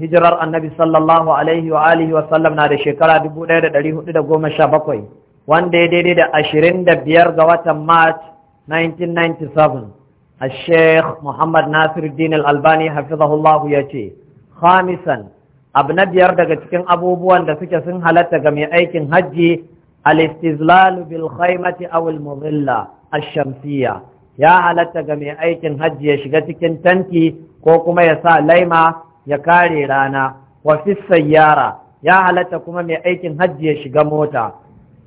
hijirar annabi sallallahu alaihi wa alihi wa sallam na da shekara 1417 wanda ya daidai da ashirin da biyar ga watan Mart 1997 الشيخ Muhammad Nasir الدين Albani hafizahullahu ya ce. Khamisan. abu na biyar daga cikin abubuwan da suke sun halatta ga mai aikin hajji al-istizlalu bil khaymati aw al mudilla ash-shamsiyya ya halatta ga mai aikin hajji ya shiga cikin tanti ko kuma ya sa laima ya kare rana wa sayyara ya halatta kuma mai aikin hajji ya shiga mota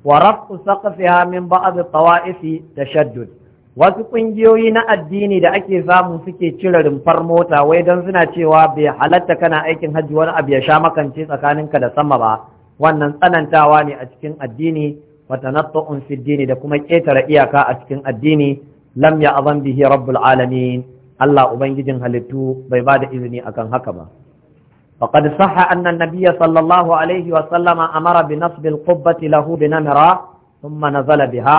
wa rafu saqfiha min ba'd tawa'ifi tashaddud wasu kungiyoyi na addini da ake samu suke cire rumfar mota wai dan suna cewa bai halatta kana aikin hajji wani abu ya sha makance tsakaninka da sama ba wannan tsanantawa ne a cikin addini wa tanattu'un fi da kuma ketare iyaka a cikin addini lam ya azan bihi rabbul alamin Allah ubangijin halittu bai ba da izini akan haka ba faqad saha anna an-nabiy sallallahu alaihi wa sallama amara bi nasb al-qubbati lahu bi namra thumma nazala biha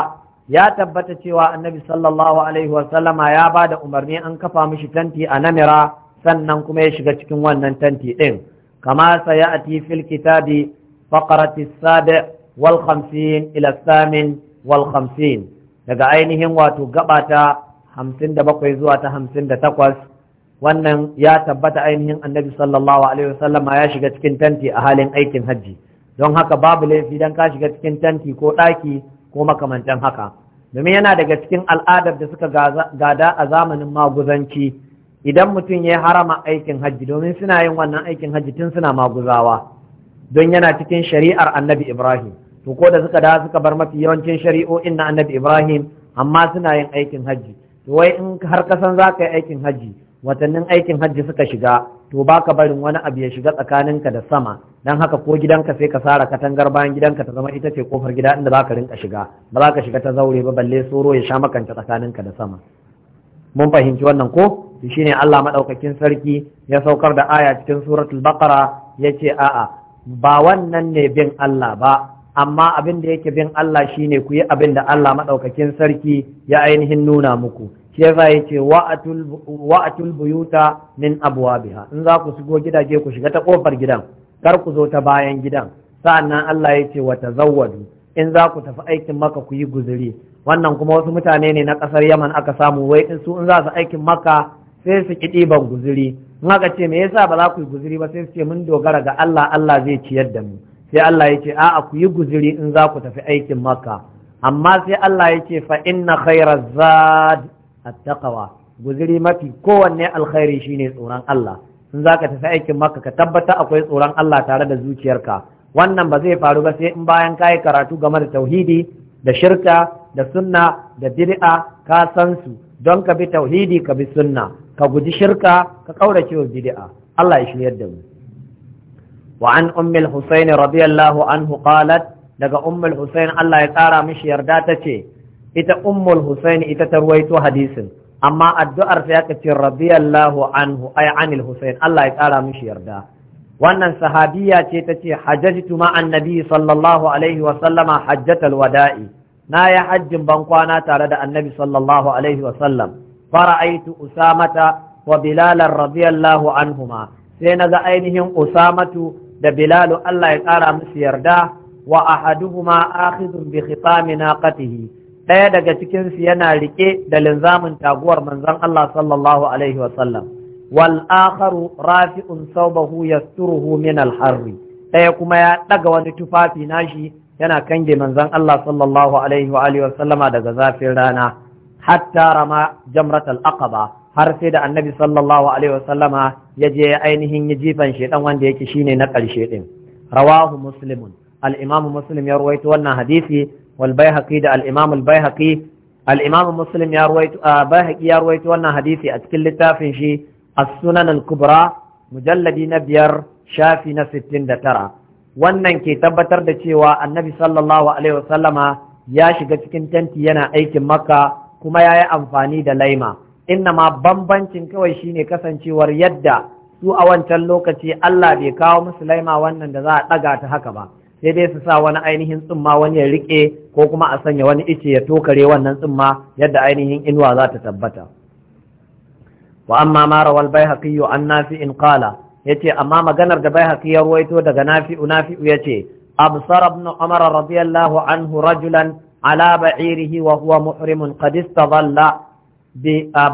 ya tabbata cewa annabi sallallahu alaihi wa sallama ya ba da umarni an kafa mishi tanti a namira sannan kuma ya shiga cikin wannan tanti din kama sayati fil kitabi faqrati as-sabi' wal 50 ila samin wal 50 daga ainihin wato gabata hamsin da bakwai zuwa ta hamsin da takwas wannan ya tabbata ainihin annabi sallallahu alaihi wasallam ya shiga cikin tanti a halin aikin hajji don haka babu laifi dan ka shiga cikin tanti ko ɗaki ko makamantan haka domin yana daga cikin al'adar da suka gada a zamanin maguzanci idan mutum ya yi harama aikin hajji domin suna yin wannan aikin hajji tun suna maguzawa don yana cikin shari'ar annabi ibrahim to ko da suka da suka bar mafi yawancin shari'o'in na annabi ibrahim amma suna yin aikin hajji wai in har kasan za ka yi aikin hajji watannin aikin hajji suka shiga to baka barin wani abu ya shiga tsakaninka da sama dan haka ko gidanka sai ka sara katangar bayan gidanka ta zama ita ce kofar gida inda ka rinka shiga ba za ka shiga ta zaure ba balle tsoro ya sha makanta tsakaninka da sama mun fahimci wannan ko shine Allah maɗaukakin sarki ya saukar da aya cikin suratul Ya ce a'a ba wannan ne bin Allah ba amma abin da yake bin Allah shine ku yi abin da Allah maɗaukakin sarki ya ainihin nuna muku shi yasa wa wa'atul buyuta min abwabiha in za ku shigo gidaje ku shiga ta kofar gidan kar ku zo ta bayan gidan sa'annan Allah ya ce wa tazawwadu in za ku tafi aikin maka ku yi guzuri wannan kuma wasu mutane ne na kasar Yaman aka samu wai in su in za su aikin maka sai su ki ɗiban guzuri in aka ce me yasa ba za ku yi guzuri ba sai su ce mun dogara ga Allah Allah zai ciyar da mu sai Allah ya ce a'a ku yi guzuri in za ku tafi aikin maka amma sai Allah ya ce fa inna khairaz zad attaqwa guziri mafi kowanne alkhairi shine tsoron Allah sun zaka tafi aikin maka ka tabbata akwai tsoron Allah tare da zuciyarka wannan ba zai faru ba sai in bayan kayi karatu game da tauhidi da shirka da sunna da bid'a ka san su don ka bi tauhidi ka bi sunna ka guji shirka ka kaurace wa bid'a Allah ya shiryar da mu wa an ummi al radiyallahu anhu qalat daga ummi al Allah ya kara mishi yarda ce. ita ummul husaini ita ta ruwaito hadisin amma addu'ar ta yaka ce radiyallahu anhu ay anil husain Allah ya kara mishi yarda wannan sahabiya ce ta ce hajjajtu ma annabi sallallahu alaihi wa sallama hajjatal wada'i na ya hajjin ban kwana tare da annabi sallallahu alaihi wa sallam fara'aitu usamata wa bilalan radiyallahu anhuma sai na ga ainihin usamatu da bilalu Allah ya ƙara musu yarda wa ahaduhuma akhidun bi khitami naqatihi ɗaya daga cikinsu yana riƙe da linzamin taguwar manzon Allah sallallahu alaihi wasallam wal akharu rafi'un saubahu yasturuhu min al harri ɗaya kuma ya ɗaga wani tufafi nashi yana kange manzon Allah sallallahu alaihi wasallama daga zafin rana hatta rama jamrat al aqaba har sai da annabi sallallahu alaihi wasallama ya je ainihin ya jifan shedan wanda yake shine na ƙarshe din rawahu muslimun al imamu muslim ya ruwaito wannan hadisi wal da al imam al bayhaqi al imam muslim ya ruwaito wannan hadisi a cikin littafin shi a sunan kubra mujalladi na biyar shafi na sittin da tara wannan ke tabbatar da cewa annabi sallallahu alaihi wasallama ya shiga cikin tenti yana aikin makka kuma ya yi amfani da laima inna ma bambancin kawai shine kasancewar yadda su a wancan lokaci Allah bai kawo musu laima wannan da za a ɗaga ta haka ba sai dai su sa wani ainihin tsumma wani ya rike ko kuma a sanya wani ice ya tokare wannan tsumma yadda ainihin inuwa za ta tabbata wa amma ma rawal baihaqi an nafi'in qala yace amma maganar da baihaqi ya ruwaito daga nafi'u nafi'u yace absara ibn umar radiyallahu anhu rajulan ala ba'irihi wa huwa muhrimun qad istadalla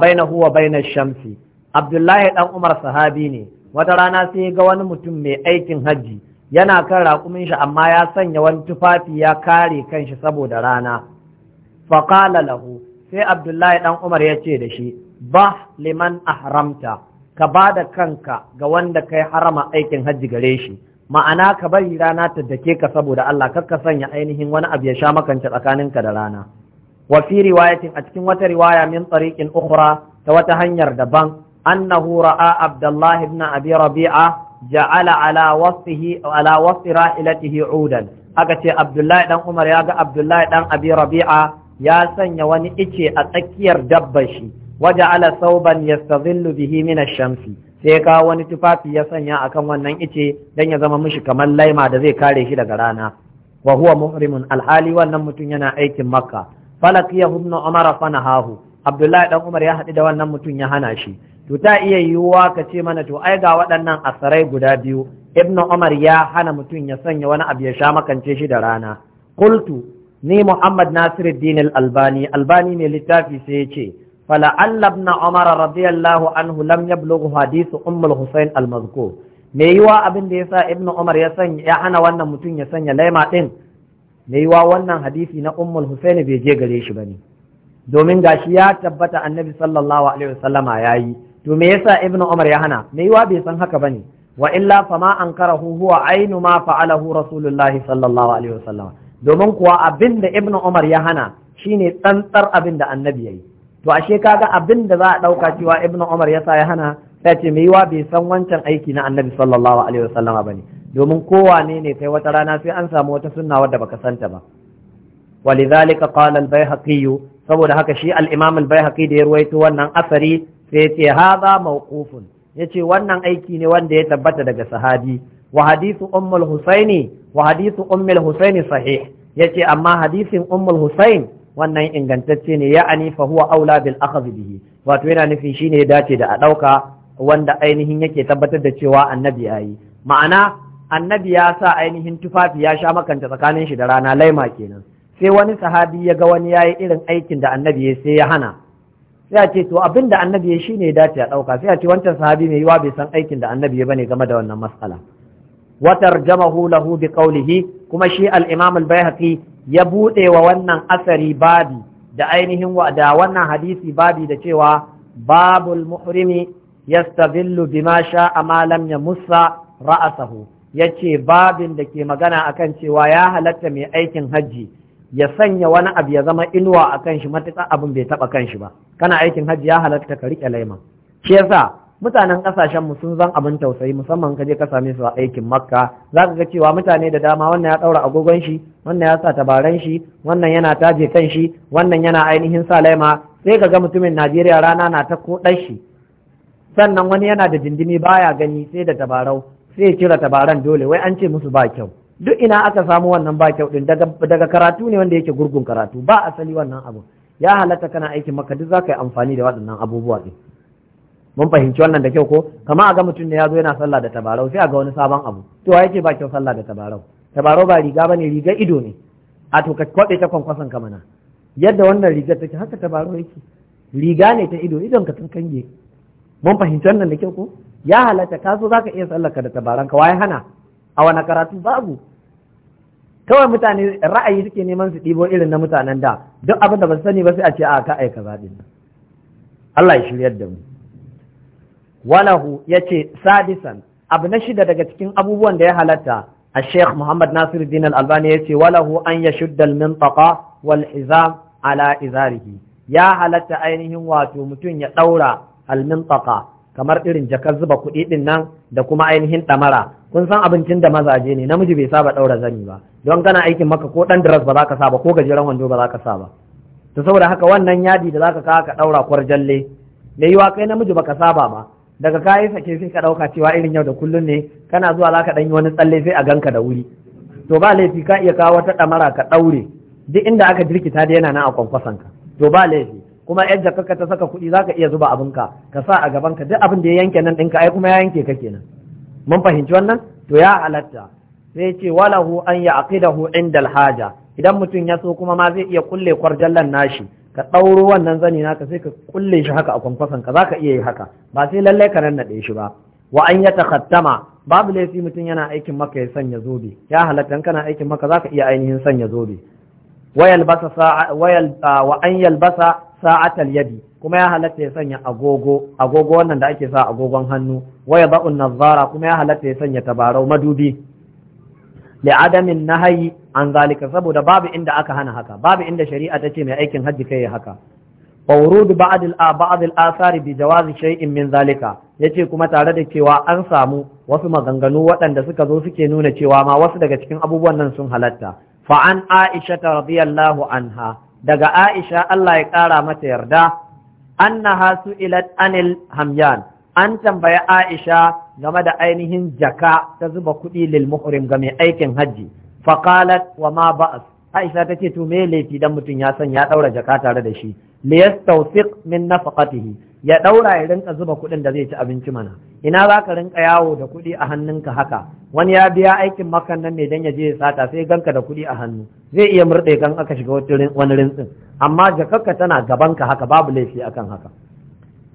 bainahu wa bain shamsi abdullahi dan umar sahabi ne wata rana sai ga wani mutum mai aikin hajji yana kan raƙumin shi amma ya sanya wani tufafi ya kare kanshi saboda rana faƙala lahu sai abdullahi Dan umar ya ce da shi ba liman haramta, ka ba da kanka ga wanda kai harama aikin hajji gare shi ma'ana ka bari rana ta dake ka saboda Allah kar ka sanya ainihin wani abu ya sha makance tsakaninka da rana wa fi riwayatin a cikin wata riwaya min tsarikin ukhra ta wata hanyar daban annahu ra'a abdullahi ibn abi rabi'a ja'ala ala wasfihi ala wasfi ra'ilatihi udan aka ce abdullahi dan umar ya ga abdullahi dan abi rabi'a ya sanya wani ice a tsakiyar dabbar shi waje ala sauban yastazillu bihi min ash-shamsi sai ka wani tufafi ya sanya akan wannan ice dan ya zama mishi kamar laima da zai kare shi daga rana wa huwa muhrimun alhali wannan mutum yana aikin makka falakiyahu ibn umar nahahu. abdullahi dan umar ya haɗu da wannan mutum ya hana shi to ta iya yiwuwa ka ce mana to ai ga waɗannan asarai guda biyu ibnu umar ya hana mutum ya sanya wani abu ya sha makance shi da rana qultu ni muhammad nasiruddin al-albani albani ne littafi sai ya ce fala ibn umar radiyallahu anhu lam yablughu hadith ummul husayn al-mazkur me yiwa abin da yasa ibnu umar ya sanya ya hana wannan mutum ya sanya laima din me yiwa wannan hadisi na ummul husayn bai je gare shi bane domin gashi ya tabbata annabi sallallahu alaihi wasallama yayi to me yasa ibnu umar ya hana me yiwa bai san haka bane wa illa fama ankarahu huwa ainu ma fa'alahu rasulullahi sallallahu alaihi wasallam domin kuwa abinda ibnu umar ya hana shine tsantsar abinda annabi yayi to ashe kaga abin da za a dauka cewa ibnu umar yasa ya hana sai ce me yiwa bai san wancan aiki na annabi sallallahu alaihi wasallam bane domin kowane ne sai wata rana sai an samu wata sunna wadda baka santa ba ولذلك قال البيهقي saboda haka shi al-imam al da ya ruwaito wannan asari sai ce haza mawqufun yace wannan aiki ne wanda ya tabbata daga sahabi wa hadithu ummul husaini wa hadithu ummul husaini sahih yace amma hadisin ummul husain wannan ingantacce ne ya'ani fa huwa aula bil akhdh bihi wato yana nufin shine ya dace da a dauka wanda ainihin yake tabbatar da cewa annabi yayi ma'ana annabi ya sa ainihin tufafi ya sha makanta tsakanin shi da rana laima kenan sai wani sahabi ya ga wani yayi irin aikin da annabi ya sai ya hana sai a ce to abin da annabi ya shi ne dace a ɗauka sai a ce wancan sahabi mai yiwa bai san aikin da annabi ya bane game da wannan matsala wa tarjamahu lahu bi qawlihi kuma shi al-imam al ya bude wa wannan asari babi da ainihin wa da wannan hadisi babi da cewa babul muhrimi yastadillu bima Malam ma lam yamussa ra'asahu yace babin da ke magana akan cewa ya halatta mai aikin hajji ya sanya wani abu ya zama inuwa a kan shi matuƙa abin bai taɓa kan shi ba kana aikin hajji ya halatta ka riƙe laiman shi yasa mutanen ƙasashen mu sun zan abin tausayi musamman ka je ka same su a aikin makka za ka ga cewa mutane da dama wannan ya ɗaura agogon shi wannan ya sa tabaran shi wannan yana taje kan shi wannan yana ainihin sa laima sai ka ga mutumin najeriya rana na ta ko shi sannan wani yana da jindimi baya gani sai da tabarau sai kira tabaran dole wai an ce musu ba kyau duk ina aka samu wannan ba kyau din daga karatu ne wanda yake gurgun karatu ba asali wannan abu ya halatta kana aikin maka duk za ka yi amfani da waɗannan abubuwa din mun fahimci wannan da kyau ko kama a ga mutum ne ya zo yana sallah da tabarau sai a ga wani sabon abu to wa yake ba kyau sallah da tabarau tabarau ba riga bane riga ido ne a to ka kwaɗe ta kwankwason ka mana yadda wannan rigar take haka tabarau yake riga ne ta ido idon ka tun kange mun fahimci wannan da kyau ko ya halatta ka zo za ka iya sallar ka da tabaranka waye hana a wani karatu babu kawai mutane ra'ayi suke neman su ɗibo irin na mutanen da duk abin da ba sani ba sai a ce a ka aika zaɓin Allah ya shiryar da mu walahu ya ce sadisan abu na shida daga cikin abubuwan da ya halatta a sheikh muhammad nasir din albani ya ce walahu an ya shudda mintaka wal izam ala izarihi ya halatta ainihin wato mutum ya ɗaura al mintaka kamar irin jakar zuba kuɗi ɗin nan da kuma ainihin ɗamara kun san abincin da mazaje ne namiji bai saba ɗaura zani ba don kana aikin maka ko dan diras ba za ka saba ko gajeren wando ba za ka saba. ba to saboda haka wannan yadi da za ka kawo ka ɗaura kwarjalle mai yiwa kai namiji baka saba ba daga kayi sake sai ka ɗauka cewa irin yau da kullum ne kana zuwa za ka ɗanyi wani tsalle sai a ganka da wuri to ba laifi ka iya kawo wata ɗamara ka ɗaure duk inda aka jirkita da yana nan a kwankwasan ka to ba laifi kuma yadda kaka ta saka kuɗi za ka iya zuba abinka ka sa a gaban ka duk abin da ya yanke nan ɗinka ai kuma ya yanke ka kenan mun fahimci wannan to ya halatta sai ce walahu an ya aqidahu Indal-haja. idan mutum ya so kuma ma zai iya kulle kwarjallan nashi ka ɗauro wannan zani naka sai ka kulle shi haka a kwankwason ka zaka iya yi haka ba sai lallai ka nannaɗe shi ba wa an ya takhattama babu laifi mutum yana aikin maka ya sanya zobe ya halatta kana aikin maka zaka iya ainihin sanya zobe wa yalbasa ah, wa an yalbasa sa'atal yadi kuma ya halatta ya sanya agogo agogo wannan da ake sa agogon hannu waya ba'un nazara kuma ya halatta ya sanya tabarau madubi li adamin nahayi an zalika saboda babu inda aka hana haka babu inda shari'a ta ce mai aikin hajji kai ya haka wa wurudu ba'd al athari bi jawazi shay'in min zalika yace kuma tare da cewa an samu wasu maganganu waɗanda suka zo suke nuna cewa ma wasu daga cikin abubuwan nan sun halatta fa an aisha radiyallahu anha daga aisha Allah ya kara mata yarda annaha su'ilat anil hamyan an tambaya Aisha game da ainihin jaka ta zuba kuɗi lil muhrim ga mai aikin hajji faqalat wa ma ba'as Aisha tace to me laifi dan mutum ya san ya daura jaka tare da shi liyastawfiq min nafaqatihi ya ɗaura ya rinka zuba kuɗin da zai ci abinci mana ina za ka rinka yawo da kuɗi a hannunka haka wani ya biya aikin makan nan ne dan ya je ya sata sai ganka da kuɗi a hannu zai iya murɗe kan aka shiga wani rintsin amma jakakka tana gaban ka haka babu laifi akan haka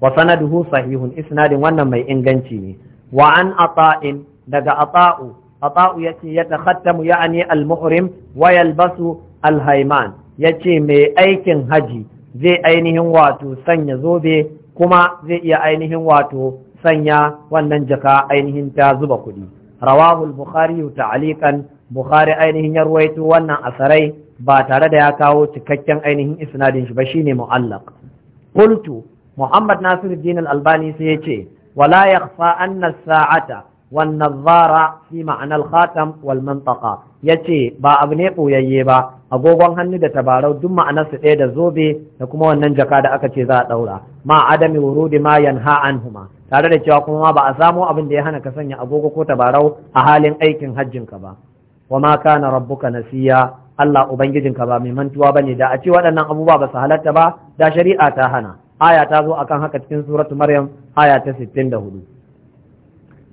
wa sanaduhu sahihun isnadin wannan mai inganci ne wa an ata'in daga ata'u ata'u yace ya takhattamu ya'ani al-muhrim wa yalbasu al-hayman yace mai aikin haji zai ainihin wato sanya zobe kuma zai iya ainihin wato sanya wannan jaka ainihin ta zuba kuɗi rawahul bukhari ta'alikan bukhari ainihin ya ruwaito wannan asarai ba tare da ya kawo cikakken ainihin isnadin shi ba shine mu'allaq qultu muhammad nasir din al-albani sai yace wala yakhfa anna sa'ata wan nadhara fi ma'na al-khatam wal mantaqa yace ba abu ne boyayye ba agogon hannu da tabarau duk ma'anarsu ɗaya da zobe da kuma wannan jaka da aka ce za a ɗaura ma adami wurudi ma yanha anhuma tare da cewa kuma ma ba a samo abin da ya hana ka sanya agogo ko tabarau a halin aikin hajjin ka ba wa ma kana rabbuka nasiya Allah ka ba mai mantuwa bane da a ce waɗannan abubuwa ba su halatta ba da shari'a ta hana aya ta zo akan haka cikin suratu maryam aya ta 64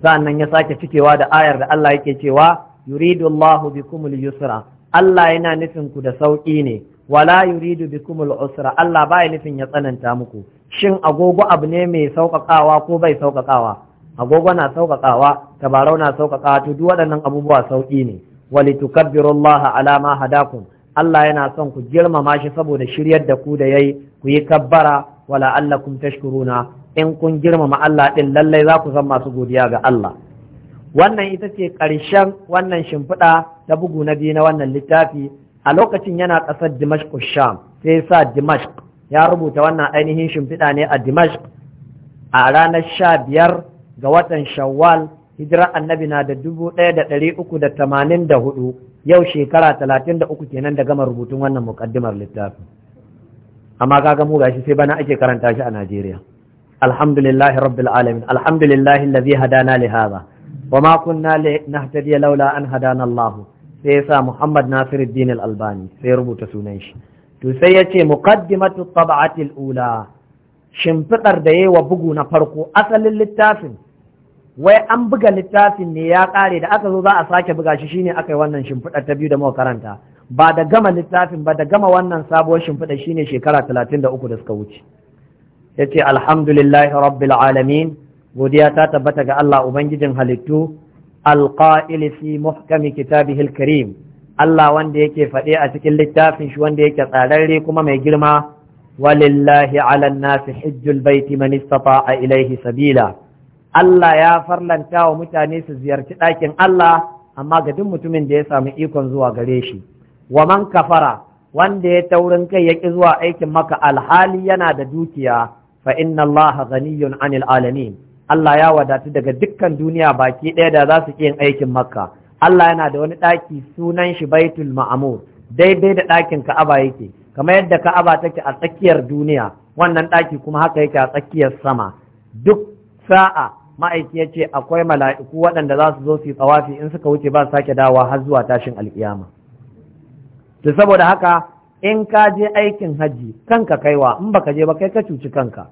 sa'annan ya sake cikewa da ayar da Allah yake cewa yuridu Allahu bikumul yusra Allah yana nufin ku da sauƙi ne wala yuridu al usra Allah baya nufin ya tsananta muku shin agogo abu ne mai sauƙaƙawa ko bai sauƙaƙawa agogo na sauƙaƙawa tabarau na sauƙaƙawa to duk waɗannan abubuwa sauƙi ne walitukabbirullaha ala ma hadakum Allah yana son ku girmama shi saboda shiryar da ku da yayi ku yi kabbara wala allakum tashkuruna in kun girmama Allah ɗin, lallai za ku zama masu godiya ga Allah wannan ita ce ƙarshen wannan shimfiɗa ta bugu na biyu na wannan littafi a lokacin yana ƙasar dimashq sham sai sa dimashq ya rubuta wannan ainihin shimfiɗa ne a dimashq a ranar sha biyar ga watan shawwal hijira annabi na da dubu ɗaya da ɗari uku da tamanin da hudu yau shekara talatin da uku kenan da gama rubutun wannan muƙaddimar littafi amma kaga mu gashi sai bana ake karanta shi a najeriya alhamdulillahi rabbil alamin alhamdulillahi allazi hadana lihaza wa ma kunna nahtadiya laula an hadana Allah sai yasa Muhammad Nasiruddin Al-Albani sai rubuta sunan shi to sai yace muqaddimatu tab'ati al-ula shimfidar da yayi wa bugu na farko asalin littafin wai an buga littafin ne ya kare da aka zo za a sake buga shi shine aka yi wannan shimfidar ta biyu da muka karanta ba da gama littafin ba da gama wannan sabuwar shimfidar shine shekara talatin da uku da suka wuce yace alhamdulillahi rabbil alamin godiya ta tabbata ga Allah ubangijin halittu alqa'il fi muhkami kitabi Hilkarim, Allah wanda yake faɗe a cikin littafin shi wanda yake tsararre kuma mai girma walillahi ala nasi hijjul baiti man a ilaihi sabila Allah ya farlanta wa mutane su ziyarci ɗakin Allah amma ga duk mutumin da ya samu ikon zuwa gare shi wa man kafara wanda ya taurin kai ya ƙi zuwa aikin maka alhali yana da dukiya fa inna Allah ghaniyyun anil alamin Allah ya wadatu daga dukkan duniya baki ɗaya da za su yin aikin makka Allah yana da wani ɗaki sunan shi baitul ma'amur daidai da ɗakin ka'aba yake kamar yadda ka'aba take a tsakiyar duniya wannan ɗaki kuma haka yake a tsakiyar sama duk sa'a ma'aiki ya ce akwai mala'iku waɗanda za su zo su yi tsawafi in suka wuce ba su sake dawowa har zuwa tashin alkiyama to saboda haka in ka je aikin hajji kanka kaiwa in baka je ba kai ka cuci kanka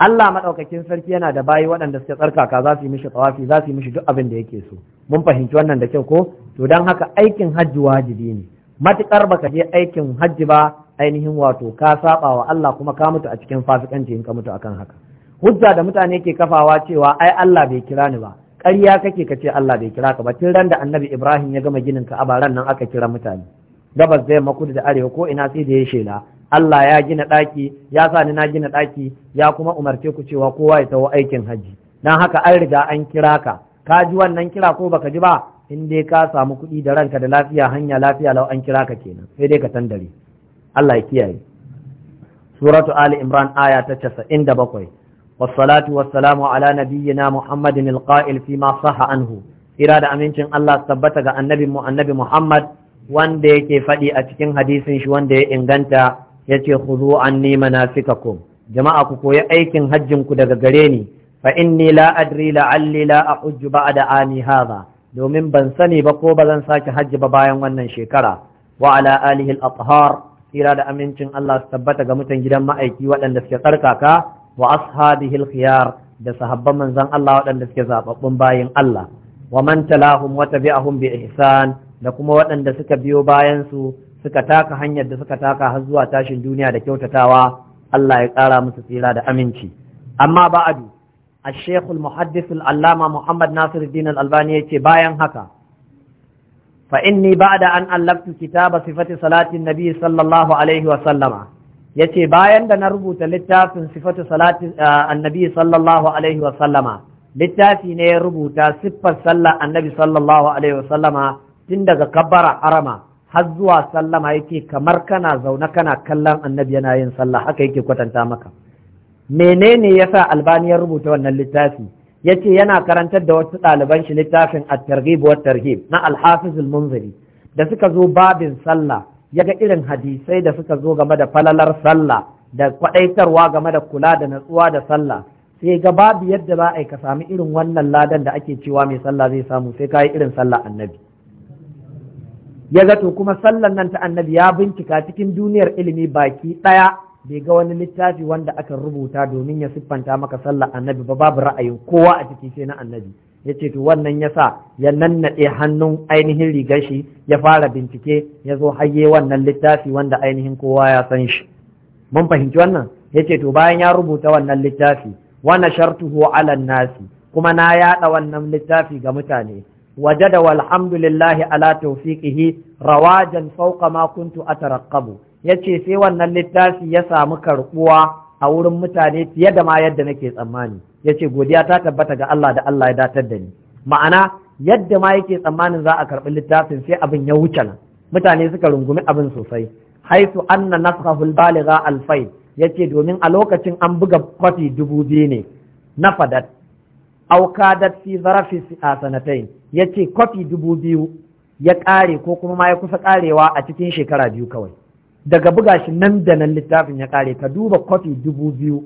Allah maɗaukakin sarki yana da bayi waɗanda suke tsarkaka za su yi mishi tsawafi za su yi mishi duk abin da yake so mun fahimci wannan da kyau ko to don haka aikin hajji wajibi ne matukar baka je aikin hajji ba ainihin wato ka saba wa Allah kuma ka mutu a cikin fasikanci in ka mutu akan haka hujja da mutane ke kafawa cewa ai Allah bai kira ni ba ƙarya kake ka ce Allah bai kira ka ba tun ran da Annabi Ibrahim ya gama ginin ka ran nan aka kira mutane gabas zai yamma da arewa ko ina sai da ya shela Allah ya gina ɗaki ya sa ni na gina ɗaki ya kuma umarce ku cewa kowa ya tawo aikin hajji dan haka an riga an kira ka ka ji wannan kira ko baka ji ba in dai ka samu kuɗi da ranka da lafiya hanya lafiya lau an kira ka kenan sai dai ka tandare Allah ya kiyaye suratu ali imran aya ta 97 wassalatu wassalamu ala nabiyyina muhammadin alqa'il fi ma sahha anhu ira da amincin Allah tabbata ga annabin mu annabi muhammad wanda yake faɗi a cikin hadisin shi wanda ya inganta ya ce nima anni manasikakum jama'a ku koyi aikin hajjin ku daga gare ni fa inni la adri la'alli la ahujju ba'da ami hadha domin ban sani ba ko ba zan sake hajji ba bayan wannan shekara wa ala alihi al-athhar da amincin Allah su tabbata ga mutan gidan ma'aiki waɗanda suke tsarkaka wa ashabihi al-khiyar da sahabban manzon Allah waɗanda suke zababbun bayin Allah wa man talahum wa tabi'ahum bi ihsan da kuma waɗanda suka biyo bayansu suka taka hanyar da suka taka har zuwa tashin duniya da kyautatawa Allah ya ƙara musu tsira da aminci amma ba'adu الشيخ المحدث العلامة محمد ناصر الدين الألباني يتي باين هكا فإني بعد أن ألفت كتاب صفة صلاة النبي صلى الله عليه وسلم bayan da na rubuta littafin صفة صلاة النبي صلى الله wa وسلم littafi ne ya rubuta siffar sallah annabi sallallahu alaihi wasallama tun daga kabara arama, har zuwa sallama yake kamar kana zaune kana kallon annabi yana yin sallah haka yake kwatanta maka menene yasa albani ya rubuta wannan littafi yace yana karantar da wasu ɗaliban shi littafin at-targhib wa tarhib na al-hafiz al-munziri da suka zo babin sallah yaga irin hadisai da suka zo game da falalar sallah da kwadaitarwa game da kula da natsuwa da sallah sai ga babu yadda za a yi ka sami irin wannan ladan da ake cewa mai sallah zai samu sai ka yi irin sallah annabi ya zato kuma sallan nan ta annabi ya bincika cikin duniyar ilimi baki ɗaya bai ga wani littafi wanda aka rubuta domin ya siffanta maka sallar annabi ba babu ra'ayin kowa a ciki sai na annabi ya ce to wannan ya sa ya nannaɗe hannun ainihin rigar shi ya fara bincike ya zo haye wannan littafi wanda ainihin kowa ya san shi mun fahimci wannan ya ce to bayan ya rubuta wannan littafi wa nashartuhu ala nasi kuma na yaɗa wannan littafi ga mutane wajada walhamdulillahi ala tawfiqihi rawajan fawqa ma kuntu ataraqqabu yace sai wannan littafi ya samu karbuwa a wurin mutane fiye da ma yadda nake tsammani yace godiya ta tabbata ga Allah da Allah ya datar da ni ma'ana yadda ma yake tsammanin za a karbi littafin sai abin ya wuce nan mutane suka rungumi abin sosai haisu anna nasxahu albaligha alfai yace domin a lokacin an buga kwafi dubu biyu ne Na fadat aukadat fi zarafi a sanatain ya ce kwafi dubu biyu ya ƙare ko kuma ma ya kusa ƙarewa a cikin shekara biyu kawai daga buga shi nan da nan littafin ya ƙare ka duba kwafi dubu biyu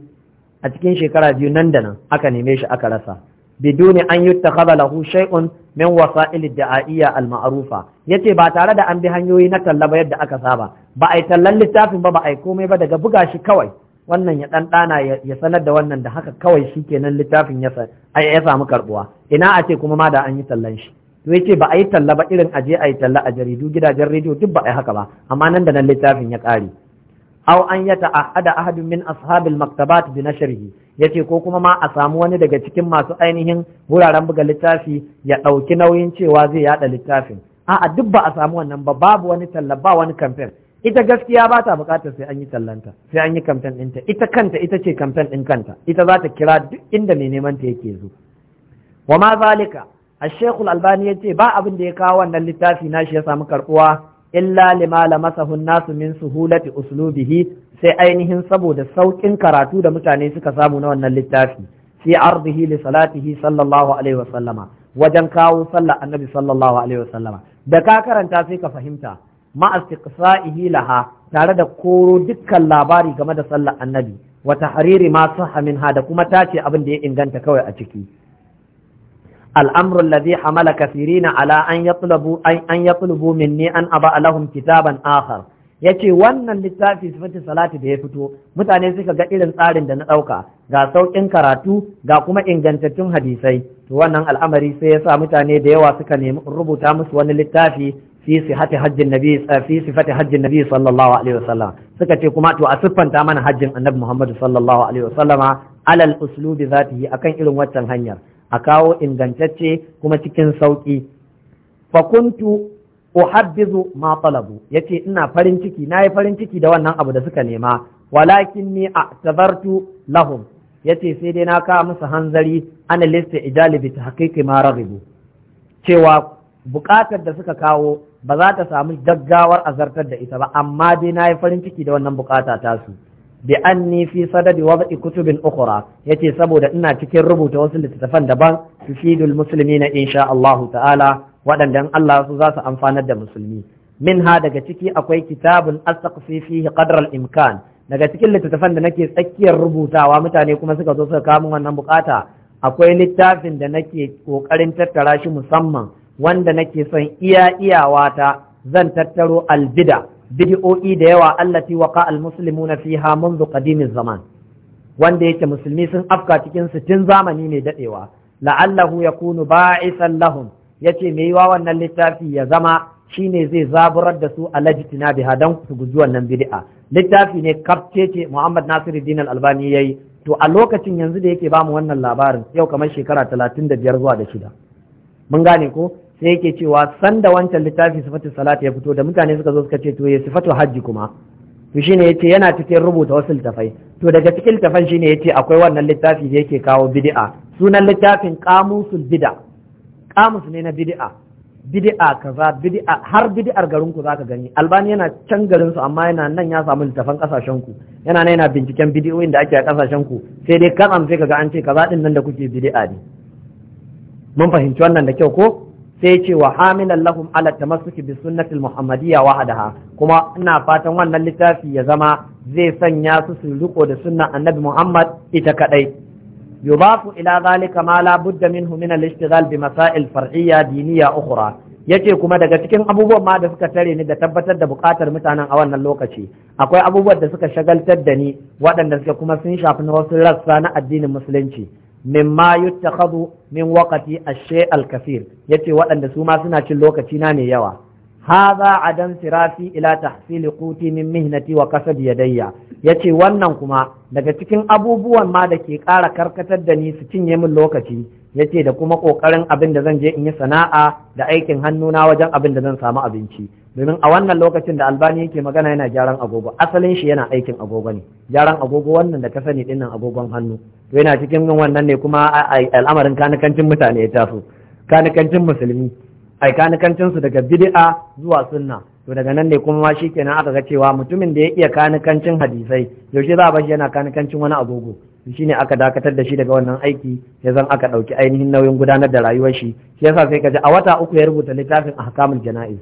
a cikin shekara biyu nan da nan aka neme shi aka rasa biduni an yi takaza lahu shay'un min wasa'il iya al-ma'rufa yace ba tare da an bi hanyoyi na talla ba yadda aka saba ba ai tallan littafin ba ba ai komai ba daga buga shi kawai wannan ya ɗanɗana ya sanar da wannan da haka kawai shi kenan littafin ya samu karbuwa ina a ce kuma ma da an yi tallan shi to yace ba a yi talla ba irin aje a yi talla a jaridu gidajen rediyo duk ba a yi haka ba amma nan da nan littafin ya ƙare aw an yata ahada ahadun min ashabil maktabat bi nashrihi yace ko kuma ma a samu wani daga cikin masu ainihin wuraren buga littafi ya ɗauki nauyin cewa zai yada littafin a'a duk ba a samu wannan ba babu wani talla ba wani kamfen ita gaskiya ba ta bukatar sai an yi tallanta sai an yi kamfen ɗinta ita kanta ita ce kamfen ɗin kanta ita za ta kira duk inda mai neman ta yake zo wa ma zalika ash-shaykh al-albani yace ba abin da ya kawo wannan littafi nashi ya samu karbuwa illa lima lamasahu nasu min suhulati uslubihi sai ainihin saboda saukin karatu da mutane suka samu na wannan littafi fi ardihi li salatihi sallallahu alaihi wa sallama wajen kawo sallar annabi sallallahu alaihi wa sallama da ka karanta sai ka fahimta ma istiqsa'ihi laha tare da koro dukkan labari game da sallar annabi wata hariri ma hamin ha da kuma ta ce abin da ya inganta kawai a ciki الأمر الذي Hamala, كثيرين على an يطلبوا أي أن يطلبوا kitaban aba kitaban ya yace wannan littafi sifatin salati da ya fito mutane suka ga irin tsarin da na ɗauka ga sauƙin karatu ga kuma ingantattun hadisai to wannan al'amari sai ya sa mutane da yawa suka nemi rubuta musu wani littafi fi sihati hajjin nabi eh, sifati hajjin nabi sallallahu alaihi wasallam suka ce kuma to a siffanta mana hajjin annabi Muhammad sallallahu alaihi wasallam alal uslubi zatihi akan irin waccan hanyar a kawo ingantacce kuma cikin sauki fa kuntu uhabbizu ma talabu yace ina farin ciki nayi farin ciki da wannan abu da suka nema walakin a a'tabartu lahum yace sai dai na kawo musu hanzari ana lista ijali bi tahqiqi ma cewa buƙatar da suka kawo ba za ta samu gaggawar azartar da ita ba amma dai na yi farin ciki da wannan buƙata ta su bi an ni fi sadadi wada'i kutubin ukura yace saboda ina cikin rubuta wasu littattafan daban tufidul na insha Allah ta'ala waɗanda Allah su za su amfanar da musulmi minha daga ciki akwai kitabun astaqfi fihi qadra al-imkan daga cikin littattafan da nake tsakiyar rubutawa mutane kuma suka zo suka kawo wannan bukata akwai littafin da nake kokarin tattara shi musamman wanda nake son iya iyawata zan tattaro albida bid'o'i da yawa allati waqa almuslimuna fiha منذ قديم zaman wanda yake musulmi sun afka cikin su tun zamani mai dadewa la'allahu yakunu ba'isan lahum yace me yiwa wannan littafi ya zama shine zai zaburar da su alajtina biha dan su guji wannan bid'a littafi ne kaftece Muhammad Nasiru, Al-Albani yayi to a lokacin yanzu da yake bamu wannan labarin yau kamar shekara 35 zuwa da shida mun gane ko sai yake cewa sanda wancan littafi sifatu salati ya fito da mutane suka zo suka ce to ya sifatu hajji kuma to shine yace yana cikin rubuta wasu littafai to daga cikin littafan shine yace akwai wannan littafi da yake kawo bid'a sunan littafin qamusul bid'a qamus ne na bid'a bid'a kaza bid'a har bid'ar garin ku zaka gani albani yana can garin su amma yana nan ya samu littafan kasashen ku yana nan yana binciken bid'o'in da ake a kasashen ku sai dai kan sai kaga an ce kaza din nan da kuke bid'a ne mun fahimci wannan da kyau ko sai ce wa hamilan lahum ala tamassuki bi sunnatil muhammadiyya wahdaha kuma ina fatan wannan littafi ya zama zai sanya su su riko da sunnan annabi muhammad ita kadai yubafu ila zalika ma la budda minhu min al-ishtighal bi masail far'iyya diniyya ukhra yace kuma daga cikin abubuwan ma da suka tare ni da tabbatar da bukatar mutanen a wannan lokaci akwai abubuwan da suka shagaltar da ni waɗanda suka kuma sun shafi na wasu rassa na addinin musulunci ma yuttakhadhu min waqti ash-shay' al-kathir yace waɗanda su ma suna cin lokaci na mai yawa hadha adam sirafi ila tahsil quti min mihnati wa kasab yadayya yace wannan kuma daga cikin abubuwan ma da ke ƙara karkatar da ni su cinye min lokaci yace da kuma ƙoƙarin abin da zan je in yi sana'a da aikin hannuna wajen abin da zan samu abinci domin a wannan lokacin da albani yake magana yana gyaran agogo asalin shi yana aikin agogo ne gyaran agogo wannan da ka sani dinnan agogon hannu to yana cikin yin wannan ne kuma al'amarin kanikancin mutane ya taso kanikancin musulmi ai kanikancin su daga bid'a zuwa sunna to daga nan ne kuma shi kenan aka ga cewa mutumin da ya iya kanikancin hadisai yaushe za a bashi yana kanikancin wani agogo shi ne aka dakatar da shi daga wannan aiki ya zan aka ɗauki ainihin nauyin gudanar da rayuwar shi shi yasa sai ka ji a wata uku ya rubuta littafin ahkamul jana'iz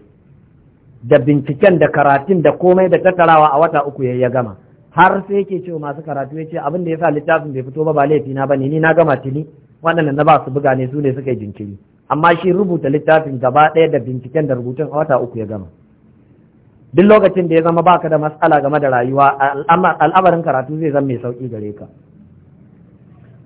da binciken da karatun da komai da tattarawa a wata uku ya gama har sai yake cewa masu karatu ya ce abin da ya sa littafin bai fito ba ba laifi na bane ni na gama tuni waɗannan na ba su buga ne su ne suka yi jinkiri amma shi rubuta littafin gaba ɗaya da binciken da rubutun a wata uku ya gama duk lokacin da ya zama baka da matsala game da rayuwa al'amarin karatu zai zama mai sauki gare ka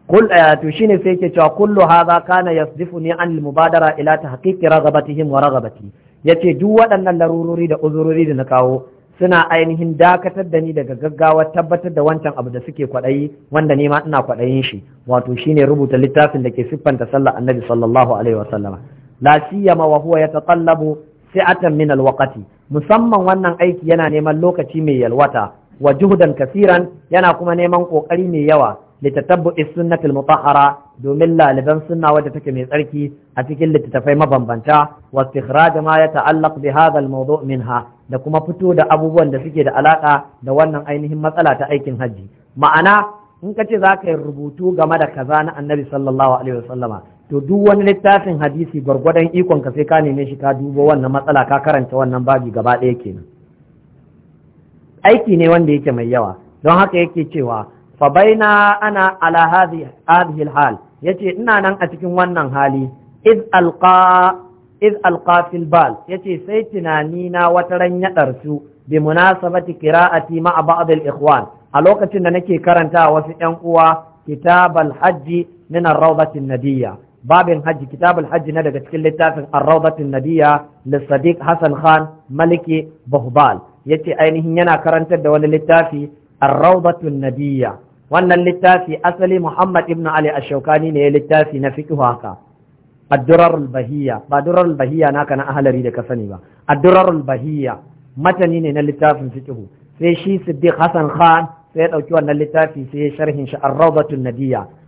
kul eh, to ne sai yake cewa kullu haza, kana yasdifuni an al mubadara ila tahqiqi raghabatihim wa raghabati Ya ce duk waɗannan larurori da uzurori da na kawo suna ainihin dakatar da ni daga gaggawa tabbatar da wancan abu da suke kwaɗayi wanda ni ma ina kwaɗayin shi wato shine rubuta littafin da ke siffanta sallar annabi sallallahu alaihi wasallam la siyama wa huwa yataqallabu si'atan min alwaqti musamman wannan aiki yana neman lokaci mai yalwata wa juhdan kasiran yana kuma neman kokari mai yawa litatabbu'i sunnatul mutahhara domin laliban sunna wadda take mai tsarki a cikin littattafai mabambanta wa istikhraj ma ya ta'allaq bi hadha al-mawdu' minha da kuma fito da abubuwan da suke da alaka da wannan ainihin matsala ta aikin hajji ma'ana in ka ce za ka yi rubutu game da kaza na annabi sallallahu alaihi wasallama to duk wani littafin hadisi gwargwadon ikon ka sai ka neme shi ka dubo wannan matsala ka karanta wannan babi gaba ɗaya kenan aiki ne wanda yake mai yawa don haka yake cewa fabaina ana ala hadhihi alhal yace ina nan a cikin wannan hali iz alqa iz alqa fil bal yace sai tunani na wata ran ya darsu bi munasabati qira'ati ma ba'd al ikhwan a lokacin da nake karanta wasu ƴan uwa kitabal hajji min ar-rawdati babin hajji kitabul hajji na daga cikin littafin ar-rawdatin nadiya li sadiq hasan khan maliki buhbal yace ainihin yana karantar da wani littafi ar-rawdatun wannan littafi asali Muhammad ibn Ali Ash-Shawkani ne littafi na fiqh haka Ad-Durarul Bahiyya ba Durarul Bahiyya naka na ahlari da ka sani ba Ad-Durarul Bahiyya matani ne na littafin fiqh sai shi Siddiq Hassan Khan sai ya dauki wannan littafi sai ya sharhin shi Ar-Rawdatun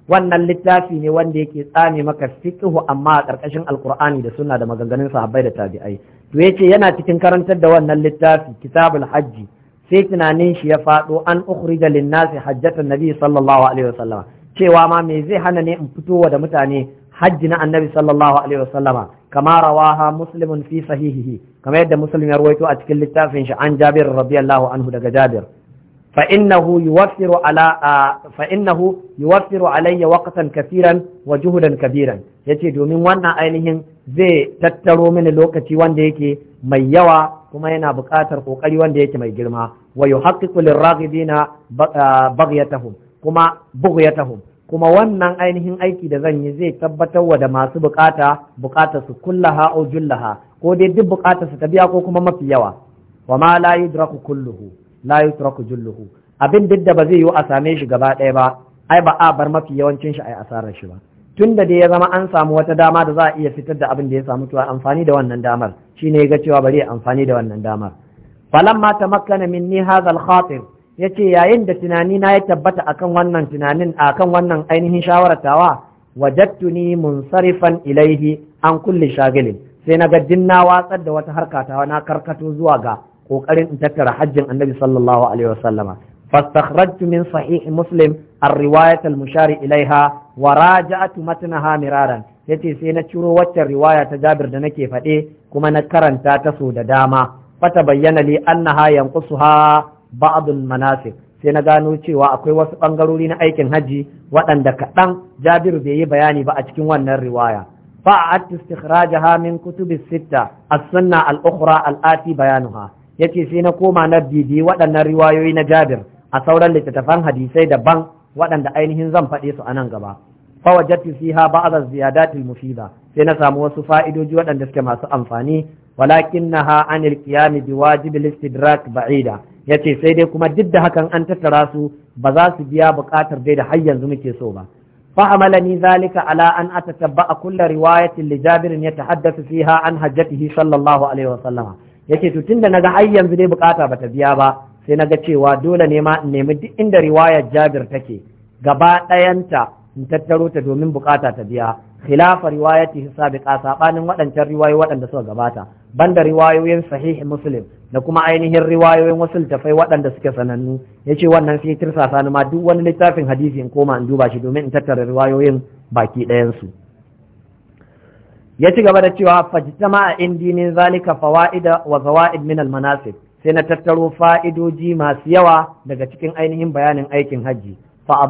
wannan littafi ne wanda yake tsami maka fiqh amma a karkashin Al-Qur'ani da sunna da maganganun sahabbai da tabi'ai to yace yana cikin karantar da wannan littafi Kitabul Hajji sai tunanin shi ya faɗo an ukhrija linnasi hajjatan nabi sallallahu alaihi wasallam cewa ma me zai hana ne in fitowa da mutane hajji na annabi sallallahu alaihi wasallama kama rawaha muslimun fi sahihihi kama yadda muslim ya rawaito a cikin littafin shi an jabir radiyallahu anhu daga jabir fa innahu yuwaffiru ala fa innahu yuwaffiru alayya waqtan kaseeran wa juhudan kabiran yace domin wannan ainihin zai tattaro mini lokaci wanda yake mai yawa kuma yana buƙatar ƙoƙari wanda yake mai girma wa yuhaqqiqu liraghibina ah, baghyatahum kuma bughyatahum kuma wannan ainihin aiki da zan yi zai tabbatar wa da masu bukata bukatar su kullaha au jullaha ko dai duk bukatar su ta biya ko kuma mafi yawa wa ma la yudraku kulluhu la yudraku julluhu abin duk da ba zai yi a same shi gaba ɗaya ba ai ba a bar mafi yawancin shi yi asarar shi ba tun da dai ya zama an samu wata dama da za a iya fitar da abin da ya samu to amfani da wannan damar shine ya ga cewa bari amfani da wannan damar falan ta makana min ni Hazal khatir yace yayin da tunani na ya tabbata akan wannan tunanin akan wannan ainihin shawaratawa ni munsarifan ilaihi an kulle shagilin sai na ga dinna watsar da wata harka tawa na karkato zuwa ga kokarin in tattara hajjin annabi sallallahu alaihi wasallama fastakhrajtu min sahih muslim الرواية المشار إليها وراجعت متنها مرارا yace sai na ciro waccan riwaya ta Jabir da nake faɗe kuma na karanta ta so da dama fata bayyana li annaha yanqusuha manasik sai na gano cewa akwai wasu ɓangarori na aikin haji waɗanda kaɗan Jabir bai yi bayani ba a cikin wannan riwaya fa'at istikhrajaha min kutubi sitta as-sunna al-ukhra al-ati bayanuha yace sai na koma na bibi waɗannan riwayoyi na Jabir a sauran littattafan hadisai daban waɗanda ainihin zan faɗe su a nan gaba fawajatu fiha ba'd az-ziyadat al-mufida sai na samu wasu fa'idoji waɗanda suke masu amfani walakinnaha anil qiyam bi wajib al-istidrak ba'ida yace sai dai kuma duk da hakan an tattara su ba za su biya buƙatar dai da har yanzu muke so ba فحملني ذلك على أن أتتبع كل رواية لجابر يتحدث فيها عن حجته sallallahu alaihi wa sallama. Yace to tunda naga har yanzu dai bukata bata biya ba sai na ga cewa dole ne ma in nemi duk inda riwayar jabir take gaba ɗayanta in tattaro ta domin bukata ta biya khilafa riwayati sabiqa sabanin waɗancan riwayoyi waɗanda suka gabata banda riwayoyin sahihi muslim da kuma ainihin riwayoyin wasu littafai waɗanda suke sanannu yace wannan sai tirsasa ni ma duk wani littafin hadisi in koma in duba shi domin in tattara riwayoyin baki ɗayan su ya ci gaba da cewa fajtama indinin zalika fawaida wa zawaid min al manasib sai na tattaro fa'idoji masu yawa daga cikin ainihin bayanin aikin hajji fa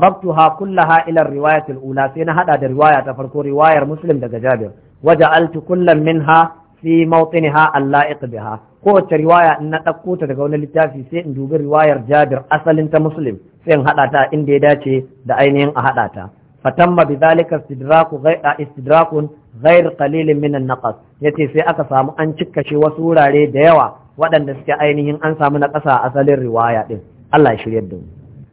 kulla ha ilar riwayatul ula sai na hada da riwaya ta farko riwayar muslim daga jabir waja'altu kullan minha fi Allah iqbi ha. kowace riwaya in na ɗauko ta daga wani littafi sai in dubi riwayar jabir asalin ta muslim sai in haɗa ta inda ya dace da ainihin a haɗa ta fatamma bi zalika istidraku ghayra istidrakun ghayr qalilin min an-naqas yace sai aka samu an cikkashe wasu wurare da yawa waɗanda suke ainihin an samu na ƙasa a asalin riwaya ɗin Allah ya shirya da mu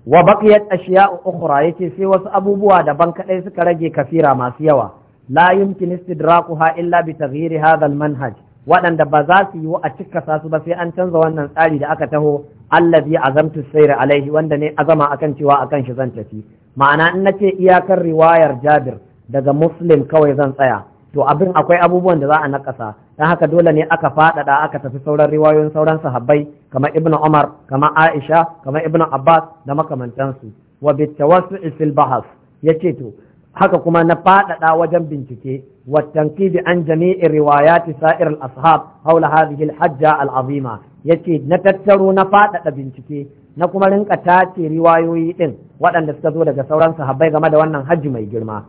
wa baqiyat ashiya'u ukhra yace sai wasu abubuwa daban kaɗai suka rage kafira masu yawa la yumkin istidrakuha illa bi taghyiri hadha manhaj waɗanda ba za su yi a cikasa su ba sai an canza wannan tsari da aka taho allazi azamtu sayr alaihi wanda ne azama akan cewa akan shi zan tafi ma'ana in nace iyakar riwayar Jabir daga Muslim kawai zan tsaya to abin akwai abubuwan da za a nakasa dan haka dole ne aka faɗaɗa aka tafi sauran riwayoyin sauran sahabbai kamar ibn umar kamar aisha kamar ibn abbas da makamantansu wa bitawassu fil bahas yace to haka kuma na faɗaɗa wajen bincike wa tanqidi an jami'i riwayati sa'ir al ashab haula hadhihi al hajja al azima yace na tattaro na faɗaɗa bincike na kuma rinka tace riwayoyi din waɗanda suka zo daga sauran sahabbai game da wannan hajji mai girma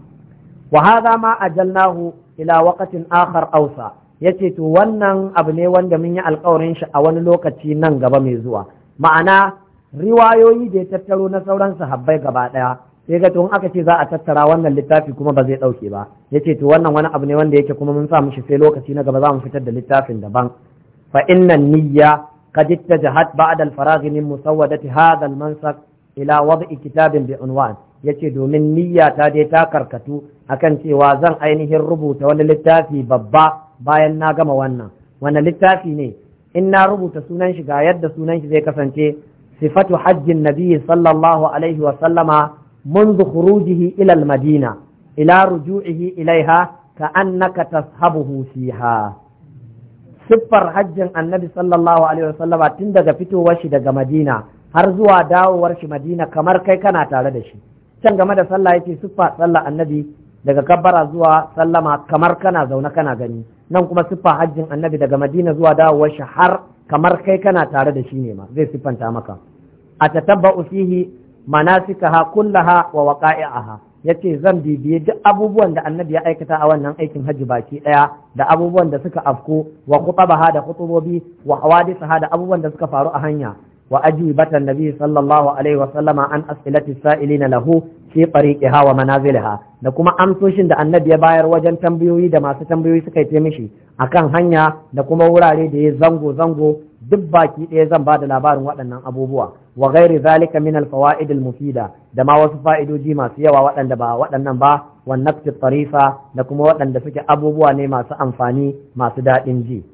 wa hadha ma ajalnahu ila waqatin akhar Hausa. yace to wannan abu ne wanda mun yi alƙawarin shi a wani lokaci nan gaba mai zuwa ma'ana riwayoyi da ya tattaro na sauran sahabbai gaba ɗaya sai ga tun aka ce za a tattara wannan littafi kuma ba zai ɗauke ba ya ce to wannan wani abu ne wanda yake kuma mun sa mishi sai lokaci na gaba za mu fitar da littafin daban fa innan niyya qad ittajahat ba'da al-faragh min musawwadati hadha al-mansab ila Ikitabin kitabin bi yace domin niyya ta dai ta karkatu akan cewa zan ainihin rubuta wani littafi babba bayan na gama wannan wani littafi ne in na rubuta sunan shi ga yadda sunan shi zai kasance sifatu hajjin nabiyyi sallallahu alaihi wa sallama منذ خروجه إلى المدينة إلى Ka إليها كأنك تصحبه فيها siffar hajjin annabi sallallahu alaihi wasallam tun daga fitowar shi daga madina har zuwa dawowar shi madina kamar kai kana tare da shi can game da sallah yake siffa sallah annabi daga Kabara zuwa sallama kamar kana zaune kana gani nan kuma siffa hajjin annabi daga madina zuwa dawowar shi har kamar kai kana tare da shi ne ma zai siffanta maka a tatabba ha! manasikaha kullaha wa Ya ce zan bibiye duk abubuwan da annabi ya aikata a wannan aikin hajji baki ɗaya, da abubuwan da suka afko wa khutabaha da khutubobi wa hawadithaha da abubuwan da suka faru a hanya Wa'aji Batan صلى الله an وسلم عن أسئلة السائلين له في طريقها ومنازلها da kuma amsoshin da annabi ya bayar wajen tambayoyi da masu tambayoyi suka yi mishi a kan hanya da kuma wurare da ya zango zango duk baki ɗaya zan ba da labarin waɗannan abubuwa wa gairi zalika min alfawaid almufida da ma wasu fa'idodi masu yawa waɗanda ba waɗannan ba wannan tarifa da kuma waɗanda suke abubuwa ne masu amfani masu daɗin ji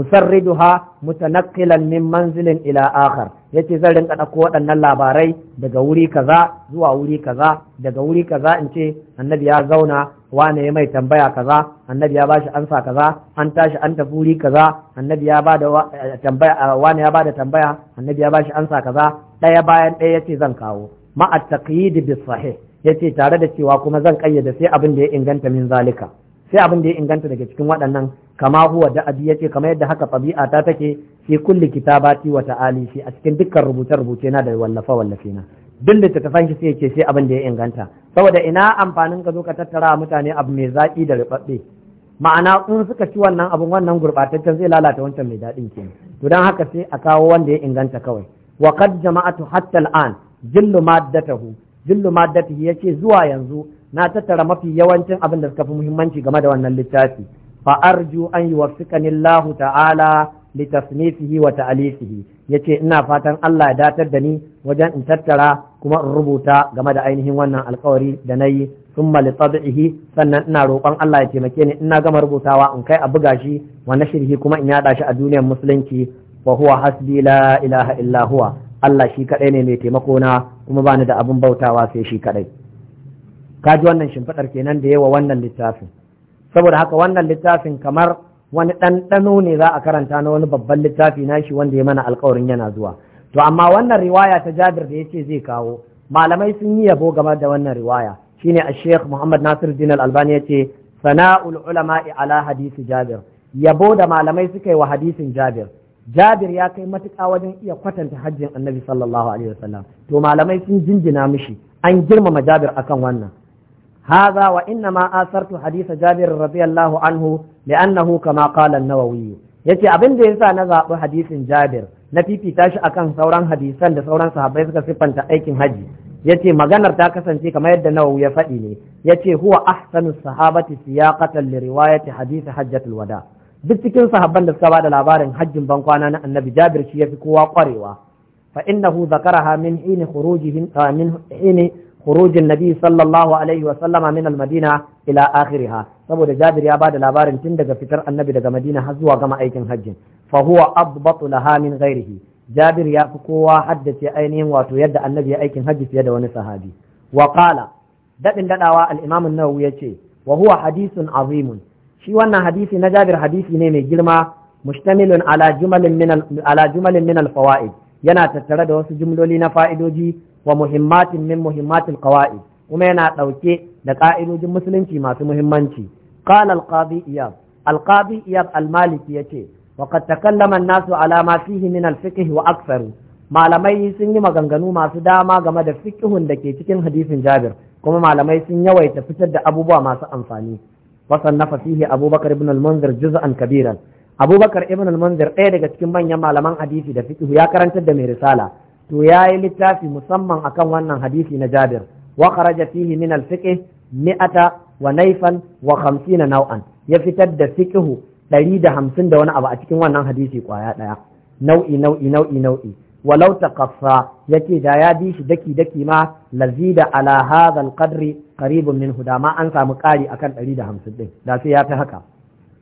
usarriduha mutanaqqilan min manzilin ila akhar yace zan rinka ɗauko waɗannan labarai daga wuri kaza zuwa wuri kaza daga wuri kaza in ce annabi ya zauna wane ya mai tambaya kaza annabi ya bashi ansa kaza an tashi an tafi wuri kaza annabi ya bada eh, tambaya eh, wane ya bada tambaya annabi ya bashi ansa kaza ɗaya bayan ɗaya yace zan kawo ma at-taqyid bis sahih yace tare da cewa kuma zan kayyade sai abin da ya inganta min zalika sai abin da ya inganta daga cikin waɗannan kama huwa da abi yace kamar yadda haka tabi'a ta take fi kulli kitabati wa ta'ali shi a cikin dukkan rubuce rubuce na da wallafa wallafe na duk littattafan ki sai yake sai abin da ya inganta saboda ina amfanin ka zo ka tattara mutane abu mai zaki da rubabbe ma'ana in suka ci wannan abun wannan gurbataccen zai lalata wancan mai daɗin ke to dan haka sai a kawo wanda ya inganta kawai wa qad jama'atu hatta al'an jillu maddatahu jillu maddatihi yace zuwa yanzu na tattara mafi yawancin abin da suka fi muhimmanci game da wannan littafi fa arju an yuwaffiqani Allah ta'ala li wata wa ta'alifihi yace ina fatan Allah ya datar da ni wajen in tattara kuma in rubuta game da ainihin wannan alkawari da nayi thumma li tad'ihi sannan ina roƙon Allah ya taimake ni ina gama rubutawa in kai a buga shi wa shirhi kuma in yaɗa shi a duniyar musulunci wa huwa hasbi la ilaha illa huwa Allah shi kadai ne mai taimako na kuma bani da abin bautawa sai shi Ka ji wannan shimfiɗar kenan da yawa wannan littafin saboda haka wannan littafin kamar wani ɗanɗano ne za a karanta na wani babban littafi na shi wanda ya mana alkawarin yana zuwa to amma wannan riwaya ta jabir da ya ce zai kawo malamai sun yi yabo game da wannan riwaya shine a sheikh muhammad nasir din albani ya ce sana'ul ulama ala hadisi jabir yabo da malamai suka yi wa hadisin jabir jabir ya kai matuƙa wajen iya kwatanta hajjin annabi sallallahu alaihi wasallam to malamai sun jinjina mishi an girmama jabir akan wannan haza wa هذا وإنما آثرت حديث جابر رضي الله عنه لأنه كما قال النووي yace abin da yasa na zaɓi hadisin Jabir na fifita shi akan sauran hadisan da sauran sahabbai suka siffanta aikin haji yace maganar ta kasance kamar yadda Nawawi ya faɗi ne yace huwa ahsanu sahabati siyaqatan li riwayati hadith hajjatul wada duk cikin sahabban da suka bada labarin hajjin ban kwana na Annabi Jabir shi ya fi kowa kwarewa fa innahu zakaraha min hini khurujihim min خروج النبي صلى الله عليه وسلم من المدينة إلى آخرها saboda Jabir ya ba da labarin tun daga fitar Annabi daga Madina har zuwa gama aikin hajji fa huwa adbatu laha Jabir ya fi kowa haddace ainihin wato yadda Annabi ya aikin hajji fiye da wani sahabi Wakala, qala daɗawa al'imamin al-Imam an-Nawawi yace azimun shi wannan hadisi na Jabir hadisi ne mai girma mustamilun ala jumalin min ala fawaid yana tattare da wasu jumloli na fa'idodi. wa muhimmatin min muhimmatil qawaid kuma yana dauke da ka'idojin musulunci masu muhimmanci qala al-qadi iyab al-qadi iyab al-maliki yace wa qad takallama an-nasu ala ma fihi min al-fiqh wa aktharu malamai sun yi maganganu masu dama game da fiqhun da ke cikin hadisin Jabir kuma malamai sun yawaita fitar da abubuwa masu amfani wasannafa fihi Abubakar ibn al-Munzir juz'an kabiran Abubakar ibn al-Munzir ɗaya daga cikin manyan malaman hadisi da fiqh ya karantar da mai risala to yi littafi musamman akan wannan hadisi na Jabir wa kharaja fihi min al-fiqh mi'ata wa naifan wa khamsina naw'an ya fitar da fiqhu ɗari da hamsin da wani abu a cikin wannan hadisi kwaya ɗaya nau'i nau'i nau'i nau'i walau taqaffa yace da ya bi shi daki daki ma lazida ala hadha alqadri qaribun minhu da ma an samu kari akan ɗari da hamsin ɗin da sai ya fi haka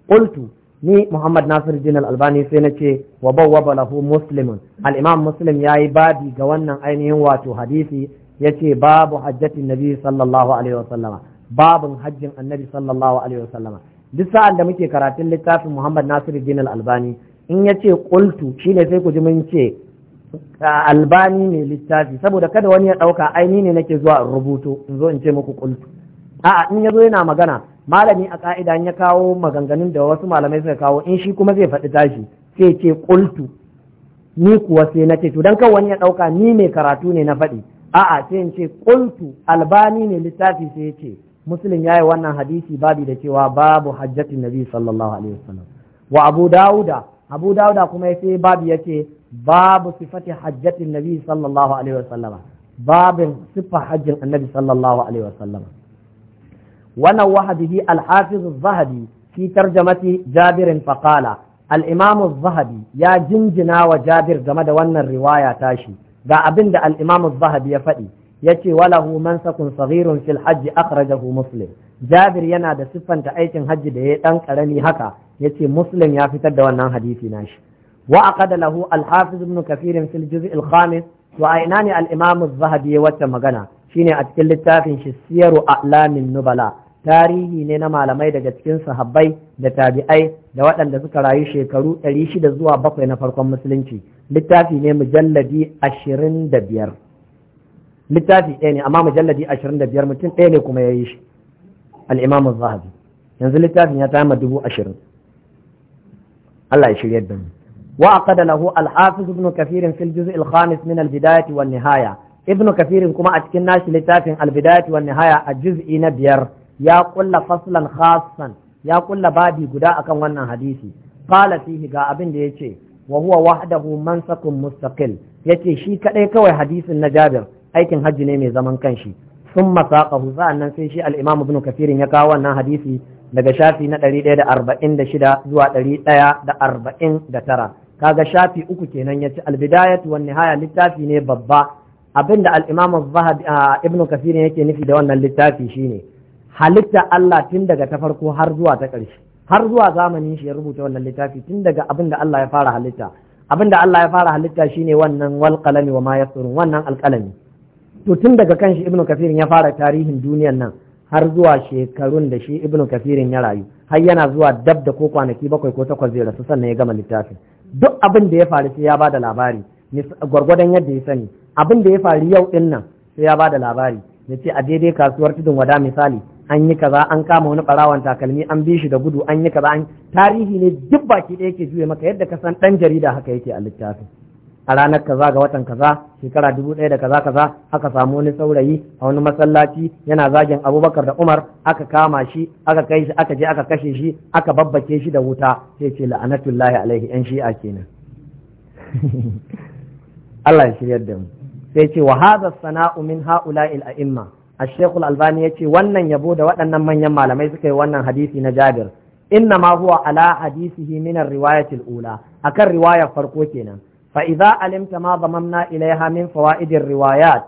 qultu ni Muhammad Nasir Jinal Albani sai na ce wa bawwaba lahu muslimun al-Imam Muslim yayi babi ga wannan ainihin wato hadisi yace babu Hajjati nabi sallallahu alaihi wasallama babin hajjin annabi sallallahu alaihi duk sa'an da muke karatun littafin Muhammad Nasir Jinal Albani in yace qultu shine sai ku ji mun ce albani ne littafi saboda kada wani ya dauka aini ne nake zuwa rubutu in zo in ce muku qultu a'a in yazo yana magana malami a ka'ida ya kawo maganganun da wasu malamai suka kawo in shi kuma zai faɗi tashi sai ce kultu ni kuwa sai na ce to dan kan wani ya ɗauka ni mai karatu ne na faɗi a'a sai in ce kultu albani ne littafi sai ya ce muslim ya yi wannan hadisi babi da cewa babu hajjatin nabi sallallahu alaihi wasallam wa abu dauda abu dauda kuma ya sai babi ya ce babu sifati hajjatin nabi sallallahu alaihi wasallam babin sifa hajjin annabi sallallahu alaihi wasallam wannan wahabihi alhafiz zahabi fi tarjamati jabirin faqala al-imam zahabi ya jinjina wa jabir game da wannan riwaya tashi ga abin da al-imam zahabi ya faɗi yace walahu mansakun saghirun fil hajj akhrajahu muslim jabir yana da siffanta aikin hajji da ya yi dan karami haka yace muslim ya fitar da wannan hadisi nashi wa aqada lahu al-hafiz ibn kathir fil juz' al-khamis wa aynani al-imam az-zahabi wata magana shine a cikin littafin shi siyaru a'lamin nubala tarihi ne na malamai daga cikin sahabbai da tabi'ai da waɗanda suka rayu shekaru 600 zuwa 7 na farkon musulunci littafi ne mujalladi 25 littafi ɗaya ne amma mujalladi 25 mutum ɗaya ne kuma ya yi shi al'imamu zahabi yanzu littafin ya tama dubu ashirin Allah ya shirya da mu wa aqada lahu al-hafiz ibn kathir fil juz' al-khamis min al-bidayah wan nihaya ibn kathir kuma a cikin nashi littafin al-bidayah wan nihaya a juz'i na biyar ya kulla faslan khassan ya kulla babi guda akan wannan hadisi qala fihi ga abin da yace wa huwa wahdahu mansakun mustaqil yace shi kadai kawai hadisin na Jabir aikin hajji ne mai zaman kanshi sun masaqahu sa'annan sai shi al-Imam Ibn Kathir ya kawo wannan hadisi daga shafi na 146 zuwa 149 kaga shafi uku kenan yace al-bidayatu wan nihaya littafi ne babba abinda al-Imam ah, Ibn Kathir yake nufi da wannan littafi shine halitta Allah tun daga ta farko har zuwa ta ƙarshe har zuwa zamanin shi ya rubuta wannan littafi tun daga abin da Allah ya fara halitta abin da Allah ya fara halitta shine wannan wal wa ma yasrun wannan alqalami to tun daga kan shi ibnu kafirin ya fara tarihin duniyar nan har zuwa shekarun da shi ibnu kafirin ya rayu har yana zuwa dab da ko kwanaki bakwai ko takwas zai rasu sannan ya gama littafi. duk abin da ya faru sai ya ba da labari gwargwadon yadda ya sani abin da ya faru yau dinnan nan sai ya ba da labari ya ce a daidai kasuwar tudun wada misali an yi kaza an kama wani barawan takalmi an bi shi da gudu an yi kaza an tarihi ne duk baki ɗaya ke juye maka yadda ka san ɗan jarida haka yake a littafin a ranar kaza ga watan kaza shekara dubu ɗaya da kaza kaza aka samu wani saurayi a wani masallaci yana zagin abubakar da umar aka kama shi aka kai shi aka je aka kashe shi aka babbake shi da wuta sai ce la'anatullahi alaihi yan shi'a kenan Allah ya shiryar da mu sai ce wa hadha sana'u min ha'ula'il a'imma a shekul albani ya ce wannan yabo da waɗannan manyan malamai suka yi wannan hadisi na jabir inna ma huwa ala hadisihi riwayatul ula akan riwayar farko kenan Fa'iza idza alimta ma damamna ilaiha riwayat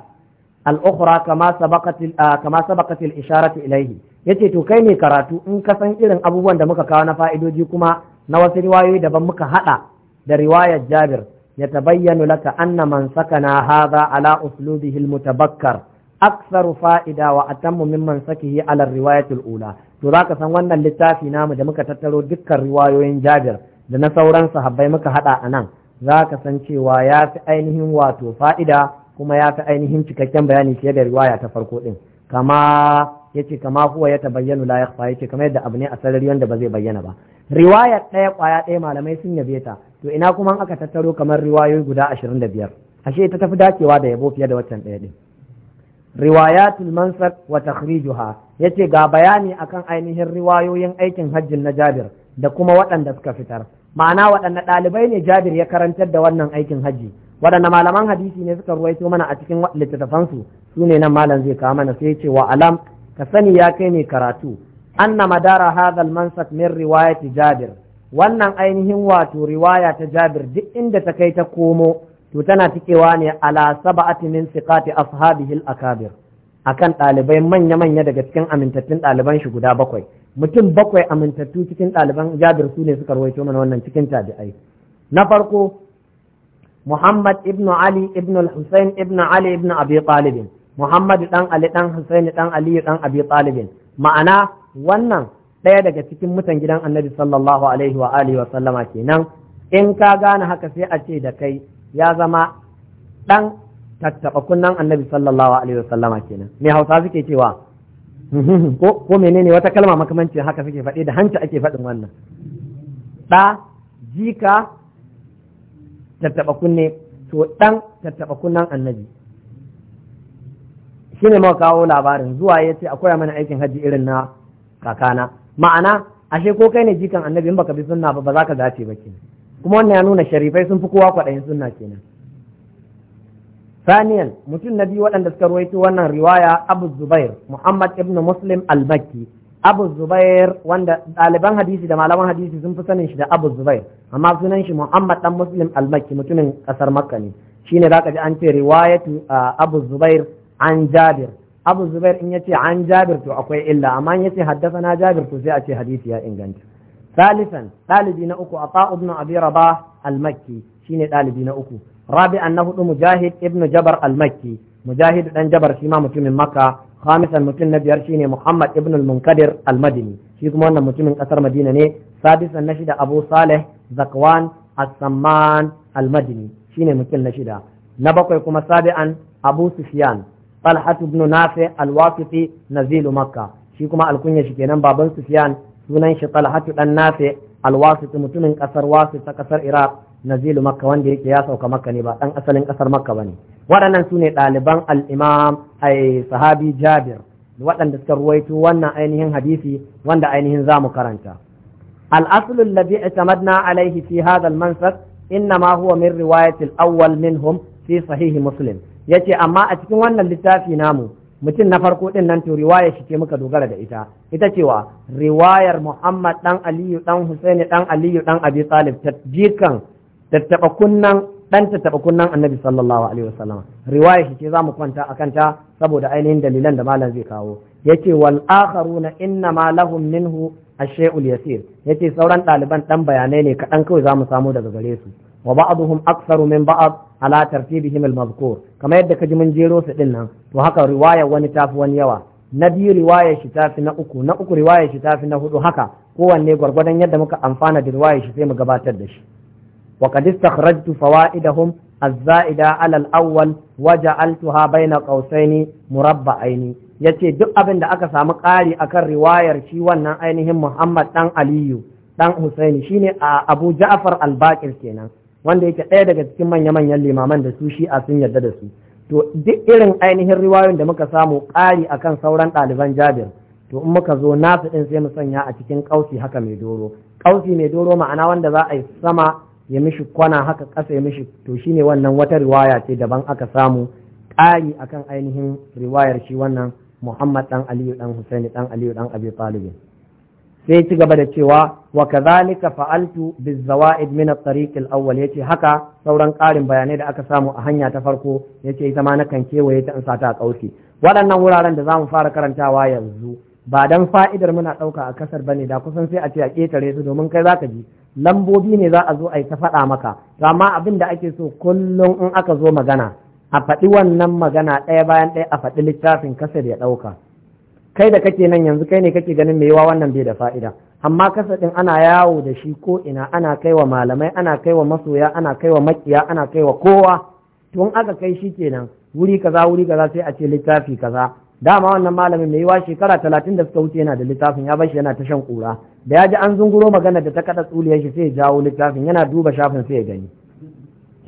al kama sabaqat ah, kama sabaqat al isharatu ilaihi yace to kai ne karatu in ka san irin abubuwan da muka kawo na fa'idodi kuma na wasu riwayoyi daban muka haɗa da riwayar jabir ya tabayyana laka annaman saka na hadha ala uslubihi al mutabakkar aksar fa'ida wa atammu mimman sakihi ala riwayatul ula to ka san wannan littafi namu da muka tattaro dukkan riwayoyin Jabir da na sauran sahabbai muka hada anan ka san cewa ya fi ainihin wato fa'ida kuma ya fi ainihin cikakken bayani fiye da riwaya ta farko din kama yace kama huwa ya tabayyanu la yakhfa yace kamar yadda abu ne a sarari wanda ba zai bayyana ba riwaya ɗaya kwaya ɗaya malamai sun yabe ta to ina kuma aka tattaro kamar riwayoyi guda ashirin da biyar ashe ta tafi dacewa da yabo fiye da waccan ɗaya din riwayatul mansab wa takhrijuha yace ga bayani akan ainihin riwayoyin aikin hajjin na Jabir da kuma waɗanda suka fitar ma'ana waɗanne ɗalibai ne Jabir ya karantar da wannan aikin hajji waɗanne malaman hadisi ne suka ruwaito mana a cikin littattafansu su ne nan malam zai kawo mana sai ce wa alam ka sani ya kai mai karatu anna madara hadhal mansab min riwayati Jabir wannan ainihin wato riwaya ta Jabir duk inda ta kai ta komo to tana cikewa ne ala saba'ati min siqati ashabihi al-akabir akan ɗalibai manya-manya daga cikin amintattun ɗaliban shi guda bakwai mutum bakwai amintattu cikin ɗaliban jabir su ne suka rawaito mana wannan cikin tabi'ai na farko Muhammad ibn Ali ibn Hussein ibn Ali ibn Abi Talib Muhammad dan Ali dan Hussein dan Ali dan Abi Talib ma'ana wannan ɗaya daga cikin mutan gidan Annabi sallallahu alaihi wa alihi wa sallama kenan in ka gane haka sai a ce da kai ya zama ɗan tattaɓa kunnan annabi sallallahu alaihi wasallama kenan me hausa suke cewa ko menene wata kalma makamancin haka suke faɗi da hanci ake faɗin wannan ɗa jika tattaɓa kunne to ɗan tattaɓa kunnan annabi shi ne ma kawo labarin zuwa ya ce akwai mana aikin hajji irin na kakana ma'ana ashe ko kai ne jikan annabi in baka bi sunna ba ba za ka dace ba ke kuma wannan ya nuna sharifai sun fi kowa kwaɗayin sunna kenan mutum na biyu waɗanda suka ruwaito wannan riwaya Abu zubair Muhammad Ibn muslim al bakki Abu zubair wanda ɗaliban hadisi da malaman hadisi sun fi sanin shi da Abu Zubair amma sunan shi Muhammad dan Muslim al-Makki mutumin ƙasar Makka ne shine zaka ji an ce riwayatu uh, Abu Zubair an Jabir Abu Zubair in yace an Jabir to akwai illa amma in ya yace na Jabir to sai a ce hadisi ya inganta ثالثا طالبي نأكو عطاء بن أبي رباح المكي شيني طالبي نأكو رابعا نهد مجاهد ابن جبر المكي مجاهد بن جبر شيما متم مكة خامسا متم نبيار شيني محمد ابن المنكدر المدني شيكم وانا متم من قصر مدينة ني سادسا نشد أبو صالح زكوان السمان المدني شيني متم نشد نبقى كما سابعا أبو سفيان طلحة بن نافع الواقفي نزيل مكة شيكما الكنية شكينا بابن سفيان sunan shi talhatu dan nafi alwasit mutumin kasar wasit ta kasar iraq nazilu makka wanda yake ya sauka makka ne ba dan asalin kasar makka bane waɗannan su ne ɗaliban al ai sahabi jabir waɗanda suka ruwaito wannan ainihin hadisi wanda ainihin za mu karanta al-aslu alladhi itamadna alaihi fi hadha al-mansab innama huwa min riwayat al-awwal minhum fi sahihi muslim yace amma a cikin wannan littafi namu mutum na farko din nan to riwaya shi ce muka dogara da ita ita cewa riwayar Muhammad dan Aliyu dan Husaini dan Aliyu dan Abi Talib jikan tattaba kunnan dan kunnan Annabi sallallahu alaihi wasallam riwaya shi ce mu kwanta akan ta saboda ainihin dalilan da malam zai kawo yace wal akharuna inna ma lahum minhu ash-shay'ul yasir yace sauran ɗaliban ɗan bayanai ne kaɗan kawai zamu samu daga gare su wa ba'dhum aktsaru min ba'd ala tartibihim al-mazkur kamar yadda kaji mun jero su din nan to haka riwaya wani tafi wani yawa na biyu riwaya shi tafi na uku na uku riwaya shi tafi na hudu haka kowanne gwargwadon yadda muka amfana da riwaya shi sai mu gabatar da shi wa qad istakhrajtu fawaidahum az-za'ida ala al-awwal wa ja'altuha bayna qawsayn Ya ce duk abin da aka samu ƙari akan riwayar shi wannan ainihin Muhammad dan Aliyu dan Husaini shine a Abu Ja'far al kenan wanda yake ɗaya daga cikin manya-manyan limaman da su a sun yarda da su to duk irin ainihin riwayoyin da muka samu ƙari akan sauran ɗaliban jabir to in muka zo nasu ɗin sai mu sanya a cikin kausi haka mai doro kausi mai doro ma'ana wanda za a yi sama ya mishi kwana haka ƙasa ya mishi to shine wannan wata riwaya ce daban aka samu ƙari akan ainihin riwayar shi wannan muhammad ɗan aliyu ɗan husaini ɗan aliyu ɗan abi talibin sai ci gaba da cewa wa kadhalika fa'altu bizawaid min at-tariq al-awwal yace haka sauran ƙarin bayanai da aka samu a hanya ta farko yace ita ma nakan kewaye ta in sata kauce waɗannan wuraren da zamu fara karantawa yanzu ba dan fa'idar muna ɗauka a kasar bane da kusan sai a ce a ketare su domin kai zaka ji lambobi ne za a zo a yi ta faɗa maka amma abin da ake so kullum in aka zo magana a faɗi wannan magana ɗaya bayan ɗaya a faɗi littafin kasar ya ɗauka kai da kake nan yanzu kai ne kake ganin me yawa wannan bai da fa'ida amma kasadin ana yawo da shi ko ina ana kaiwa malamai ana kaiwa masoya ana kaiwa makiya ana kaiwa kowa tun aka kai shi kenan wuri kaza wuri kaza sai a ce littafi kaza dama wannan malamin mai yawa shekara talatin da suka wuce yana da littafin ya bashi yana ta shan kura da ya ji an zunguro magana da ta kada tsuliyar shi sai ya jawo littafin yana duba shafin sai ya gani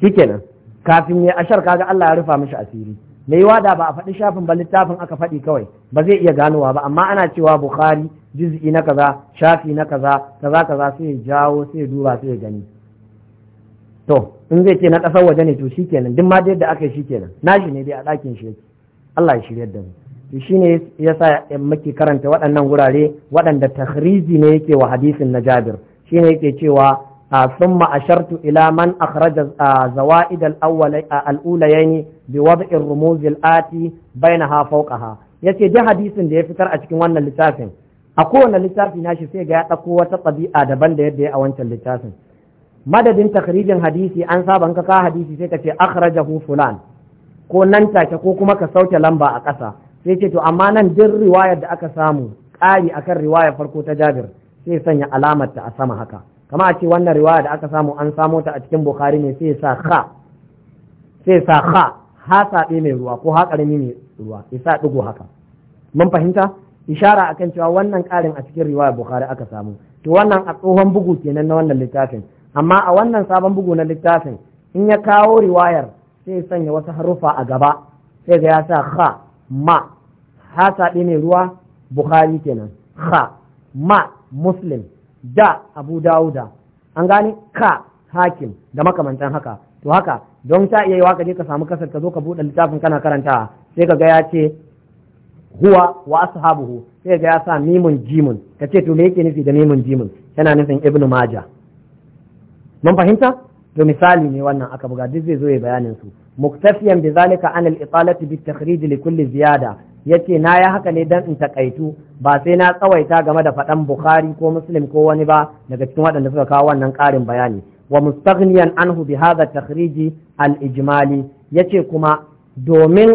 shi kenan kafin ya ashar kaga Allah ya rufa mishi asiri me yiwa da ba a faɗi shafin ba littafin aka faɗi kawai ba zai iya ganowa ba amma ana cewa bukhari juz'i na kaza shafi na kaza kaza kaza sai ya jawo sai ya duba sai ya gani to in zai ce na ƙasar waje ne to shikenan duk ma da yadda aka yi shikenan nashi ne dai a ɗakin shi Allah ya shirya da mu to shine yasa muke karanta waɗannan wurare waɗanda tahriji ne yake wa hadisin na Jabir shine yake cewa ثم أشرت إلى من أخرج زوائد الأول الأوليين بوضع الرموز الآتي بينها فوقها yace ji hadisin da ya fitar a cikin wannan littafin a kowane littafi nashi sai ga ya ɗauko wata ɗabi'a daban da yadda ya a wancan littafin madadin takribin hadisi an saba ka ka hadisi sai ka ce akhrajahu fulan ko nan take ko kuma ka sauke lamba a ƙasa sai ce to amma nan duk riwayar da aka samu ƙari akan riwayar farko ta Jabir sai sanya alamar ta a sama haka kama a ce wannan riwaya da aka samu an samo ta a cikin bukhari ne sai sa kha sai sa kha ha saɓe mai ruwa ko ha ƙarami mai ruwa isa ɗigo haka mun fahimta ishara akan cewa wannan ƙarin a cikin riwaya bukhari aka samu to wannan a tsohon bugu kenan na wannan littafin amma a wannan sabon bugu na littafin in ya kawo riwayar sai sanya wasu haruffa a gaba sai ga ya sa kha ma ha saɓe mai ruwa bukhari kenan kha ma muslim da abu dawuda an gane ka hakim da makamantan haka to haka don ta iya yiwa ka je ka samu kasar ka zo ka buɗe littafin kana karanta sai ka ga ya ce huwa wa ashabuhu sai ga ya sa mimun jimun ka ce to me yake nufi da mimun jimun yana nufin ibnu maja mun fahimta to misali ne wannan aka buga duk zai zo ya bayanin su muktafiyan bi zalika an al italati bi takhrij li kulli ziyada yace na ya haka ne dan in takaitu ba sai na tsawaita game da faɗan bukhari ko muslim ko wani ba daga cikin waɗanda suka kawo wannan ƙarin bayani wa mustaghniyan anhu bi hadha takhriji al ijmali yace kuma domin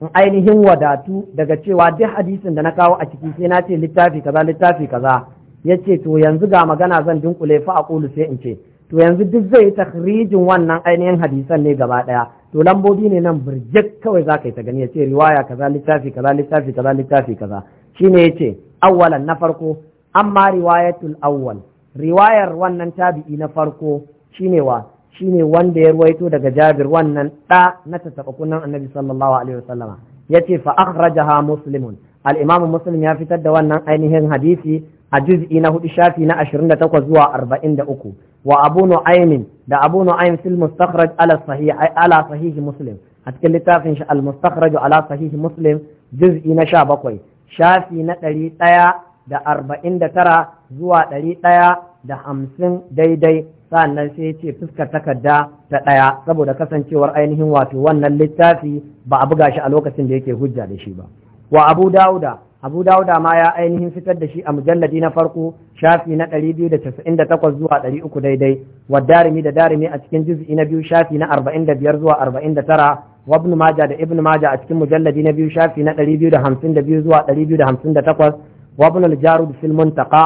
in ainihin wadatu daga cewa duk hadisin da na kawo a ciki sai na ce littafi kaza littafi kaza yace to yanzu ga magana zan dinkule fa aqulu sai in ce to yanzu duk zai takhrijin wannan ainihin hadisan ne gaba ɗaya? to lambobi ne nan birjik kawai za ka yi ta gani ya ce riwaya kaza littafi kaza littafi kaza littafi kaza shine ya ce awwalan na farko amma riwayatul awwal riwayar wannan tabi'i na farko shine wa shine wanda ya ruwaito daga Jabir wannan da na tasabakunan Annabi sallallahu alaihi wasallama yace fa akhrajaha muslimun al-imamu muslim ya fitar da wannan ainihin hadisi a juz'i na hudu shafi na 28 zuwa 43 wa abu nu'aymin da abu nu'aym fil mustakhraj ala sahihi ala muslim a cikin littafin shi al mustakhraj ala sahihi muslim juz'i na sha bakwai, shafi na ɗari ɗaya da tara zuwa ɗari ɗaya da hamsin daidai sannan sai ce fuskar takarda ta ɗaya saboda kasancewar ainihin wato wannan littafi ba a buga shi a lokacin da yake hujja da shi ba wa abu dauda abu dauda ma ya ainihin fitar da shi a mujalladi na farko shafi na 298 zuwa 300 daidai wa darimi da darimi a cikin juz'i na biyu shafi na 45 zuwa 49 wa ibn majah da ibn majah a cikin mujalladi na biyu shafi na 252 zuwa 258 wa ibn al-jarud fil muntaqa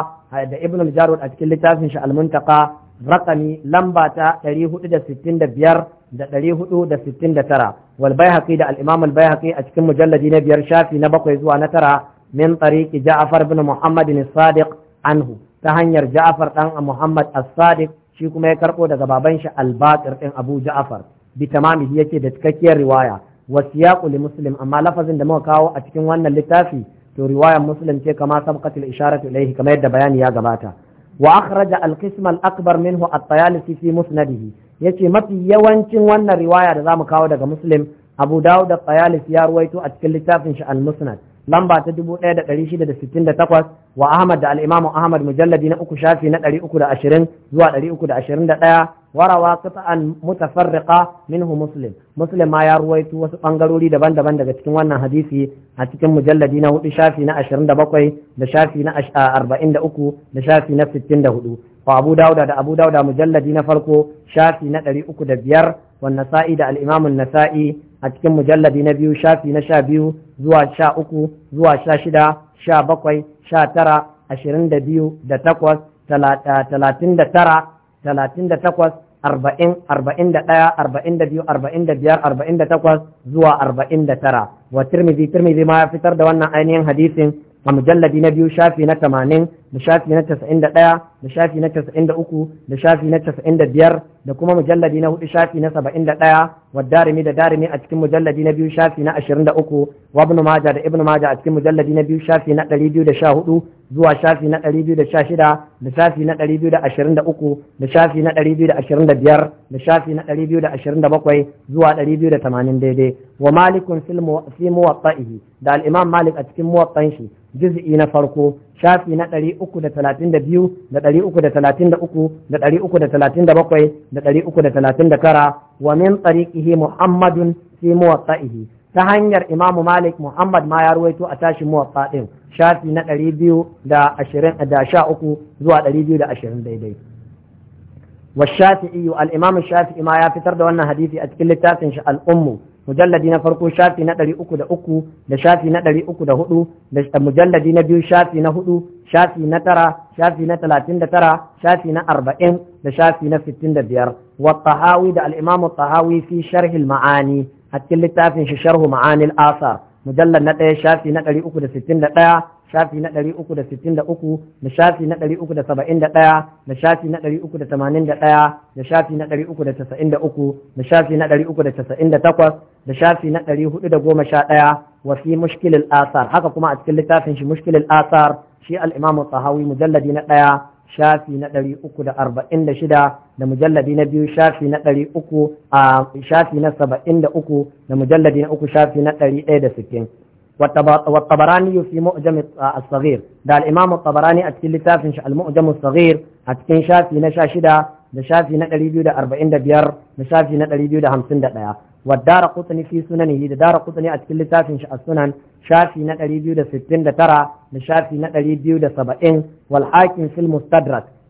da ibn al-jarud a cikin littafin shi al-muntaqa raqami lamba ta 465 da ɗari hudu da sittin da tara da al bai a cikin mujalladi na biyar shafi na zuwa na tara min tsariki Ja'far bin Muhammad ne sadiq anhu ta hanyar ja'afar dan Muhammad as-Sadiq shi kuma ya karbo daga baban shi al-Baqir din Abu Ja'far bi yake da cikakkiyar riwaya wa siyaqu li Muslim amma lafazin da muka kawo a cikin wannan littafi to riwayar Muslim ce kama sabqatil isharatu ilayhi kamar yadda bayani ya gabata wa akhraja al-qism al-akbar minhu at-Tayalisi fi musnadihi yace mafi yawancin wannan riwaya da zamu kawo daga Muslim Abu Dawud da Tayalisi ya ruwaito a cikin littafin shi al-Musnad lamba ta 1668 wa Ahmad da al-Imam Ahmad mujalladi na uku shafi na 320 zuwa 321 warawa mu mutafarriqa minhu Muslim Muslim ma ya ruwaito wasu bangarori daban-daban daga cikin wannan hadisi a cikin mujalladi na hudu shafi na 27 da shafi na 43 da shafi na 64 wa Abu Dawuda da Abu Dawuda mujalladi na farko shafi na biyar wa Nasa'i da al-Imam nasai a cikin mujallabi na biyu shafi na sha biyu zuwa sha uku zuwa sha shida sha bakwai sha tara ashirin da biyu da takwas talatin da tara talatin da takwas arba'in arba'in da ɗaya arba'in da biyu arba'in da biyar arba'in da takwas zuwa arba'in da tara wa tirmizi tirmizi ma ya fitar da wannan ainihin hadisin a mujalladi na biyu shafi na tamanin da shafi na casa'in da ɗaya da shafi na casa'in da uku da shafi na casa'in da biyar da kuma mujalladi na hudu shafi na saba'in da ɗaya wa darimi da darimi a cikin mujalladi na biyu shafi na ashirin da uku wa ibnu maja da ibnu maja a cikin mujalladi na biyu shafi na ɗari biyu da sha hudu zuwa shafi na 216 da shafi na 223 da shafi na 225 da shafi na 227 zuwa 280 daidai wa malikun fi muwatta'ihi da al malik a cikin muwattan shi juz'i na farko shafi na 332 da 333 da 337 da 339 wa min tariqihi muhammadun fi muwatta'ihi ta hanyar imamu malik muhammad ma ya ruwaito a tashin muwatta din shafi na ɗari biyu da ashirin da uku zuwa ɗari biyu da ashirin daidai wa shafi'i al-imam shafi'i ma ya fitar da wannan hadisi a cikin littafin shi al'ummu: mujalladi na farko shafi na ɗari uku da uku da shafi na ɗari uku da hudu da mujalladi na biyu shafi na hudu shafi na tara shafi na talatin da tara shafi na arba'in da shafi na da biyar wa da al'imamu tahawi fi ma'ani a cikin littafin shi sharhu ma'anil asar mujallar na ɗaya shafi na ɗari uku da sittin da ɗaya shafi na ɗari uku da sittin da uku da shafi na ɗari uku da saba'in da ɗaya da shafi na ɗari uku da tamanin da ɗaya da shafi na ɗari uku da casa'in da uku da shafi na ɗari uku da casa'in da takwas da shafi na ɗari hudu da goma sha ɗaya wa fi mushkilil asar haka kuma a cikin littafin shi mushkilil asar shi al-imamu tsahawi mujalladi na ɗaya shafi na ɗari uku da arba'in da shida da mujalladi na biyu shafi na ɗari uku a shafi na saba'in da uku da mujalladi na uku shafi na ɗari ɗaya da sittin والطبراني في معجم الصغير ده الإمام الطبراني أتكلم تافن المعجم الصغير أتكلم شافي نشاشدة نشافي نقلي بيودة أربعين دبير نشافي نقلي بيودة همسين دقيا والدار قطني في سننه دار قطني أتكلم تافن السنن شافي نقلي بيودة ستين دترى نشافي نقلي بيودة سبعين wal hakim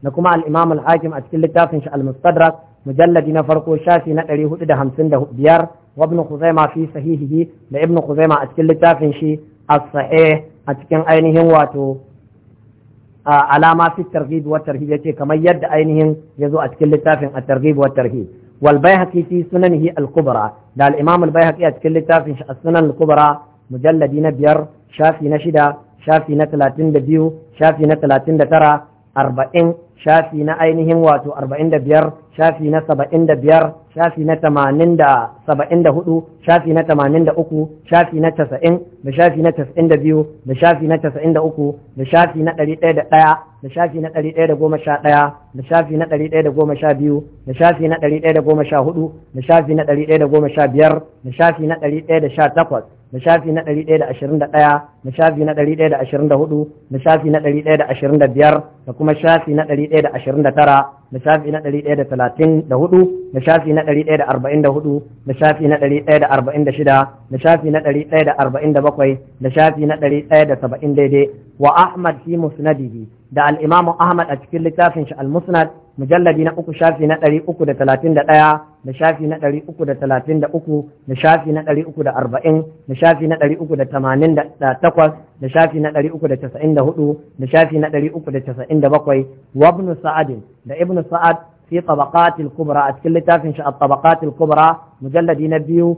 da kuma al imam al hakim a cikin littafin shi al mustadrak mujalladi na farko shafi na 455 wa ibn khuzaima fi sahihihi da ibnu khuzaima a cikin littafin shi as sahih a cikin ainihin wato alama fi targhib wa tarhib yace kamar yadda ainihin yazo a cikin littafin at targhib wa wal bayhaqi fi sunanihi al kubra da al imam al bayhaqi a cikin littafin shi a sunan al kubra mujalladi na biyar shafi na shida shafi na talatin da biyu shafi na talatin da tara arba'in shafi na ainihin wato arba'in da biyar shafi na saba'in da biyar shafi na tamanin da saba'in da hudu shafi na tamanin da uku shafi na casa'in da shafi na casa'in da biyu da shafi na casa'in da uku da shafi na ɗari ɗaya da ɗaya da shafi na ɗari ɗaya da goma sha ɗaya da shafi na ɗari ɗaya da goma sha biyu da shafi na ɗari ɗaya da goma sha hudu da shafi na ɗari ɗaya da goma sha biyar da shafi na ɗari ɗaya da sha takwas da shafi na 121 da shafi na 124 da shafi na 125 da kuma shafi na 129 da shafi na 134 da shafi na 144 da shafi na 146 da shafi na 147 da shafi na 170 daidai wa Ahmad fi musnadihi da al-Imam Ahmad a cikin littafin shi al-Musnad mujalladi na uku shafi na ɗari uku da talatin da ɗaya da shafi na ɗari uku da talatin da uku da shafi na ɗari uku da arba'in da shafi na ɗari uku da tamanin da takwas da shafi na ɗari uku da casa'in da hudu da shafi na ɗari uku da casa'in da bakwai wa ibnu sa'adin sa'ad fi kubra a cikin littafin mujalladi na biyu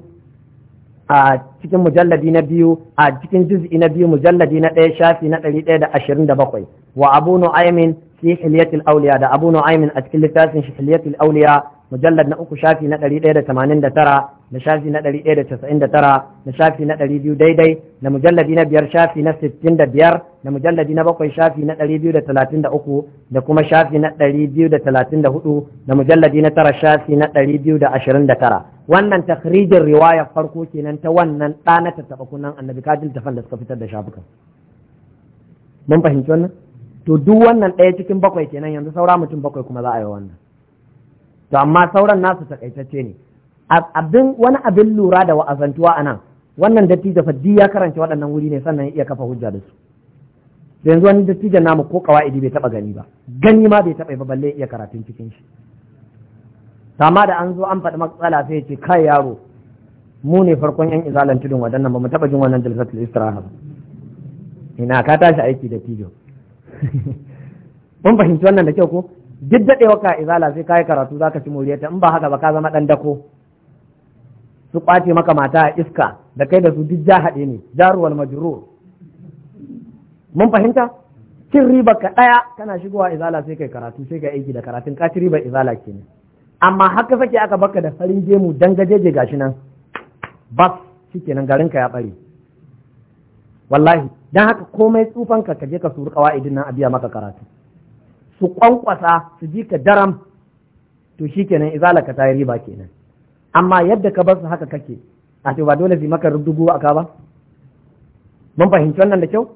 a cikin mujalladi na biyu a cikin juz'i na biyu mujalladi na ɗaya shafi na ɗari ɗaya da ashirin da bakwai wa abu nu'aymin fi hilyatul awliya da Abu Nu'aym a cikin littafin shi hilyatul awliya mujallad na uku shafi na wannan takhrijin riwaya farko kenan ta wannan ɗana ta taɓa kunan annabi kajin tafan suka fitar da shafukan mun fahimci wannan to duk wannan ɗaya cikin bakwai kenan yanzu saura mutum bakwai kuma za a yi wannan to amma sauran nasu takaitacce ne abin wani abin lura da wa'azantuwa a nan wannan dattijo faddi ya karanta waɗannan wuri ne sannan ya iya kafa hujja da su da yanzu wani dattijan namu ko kawa'idi bai taɓa gani ba gani ma bai taɓa ba balle iya karatun cikin shi amma da an zo an faɗi matsala sai ya ce kai yaro mu ne farkon yan izalan tudun waɗannan ba mu taɓa jin wannan jalsatul istiraha ba ina ka tashi aiki da tijo mun fahimci wannan da kyau ko duk daɗewa ka izala sai kayi karatu za ka ci moriyarta in ba haka ba ka zama ɗan dako su ƙwace maka mata a iska da kai da su duk ja haɗe ne jaruwal majrur mun fahimta cin riba ka ɗaya kana shigowa izala sai kai karatu sai kai aiki da karatun ka ci riba izala kenan amma haka sake aka baka da farin gemu dan gajeje gashi nan bas shikenan garin ka ya bare wallahi dan haka komai tsufan ka je ka suru idin nan a biya maka karatu su kwankwasa su ji ka daram to kenan izala ka tayi riba kenan amma yadda ka bar su haka kake a ce ba dole su maka rudugu ka ba mun fahimci wannan da kyau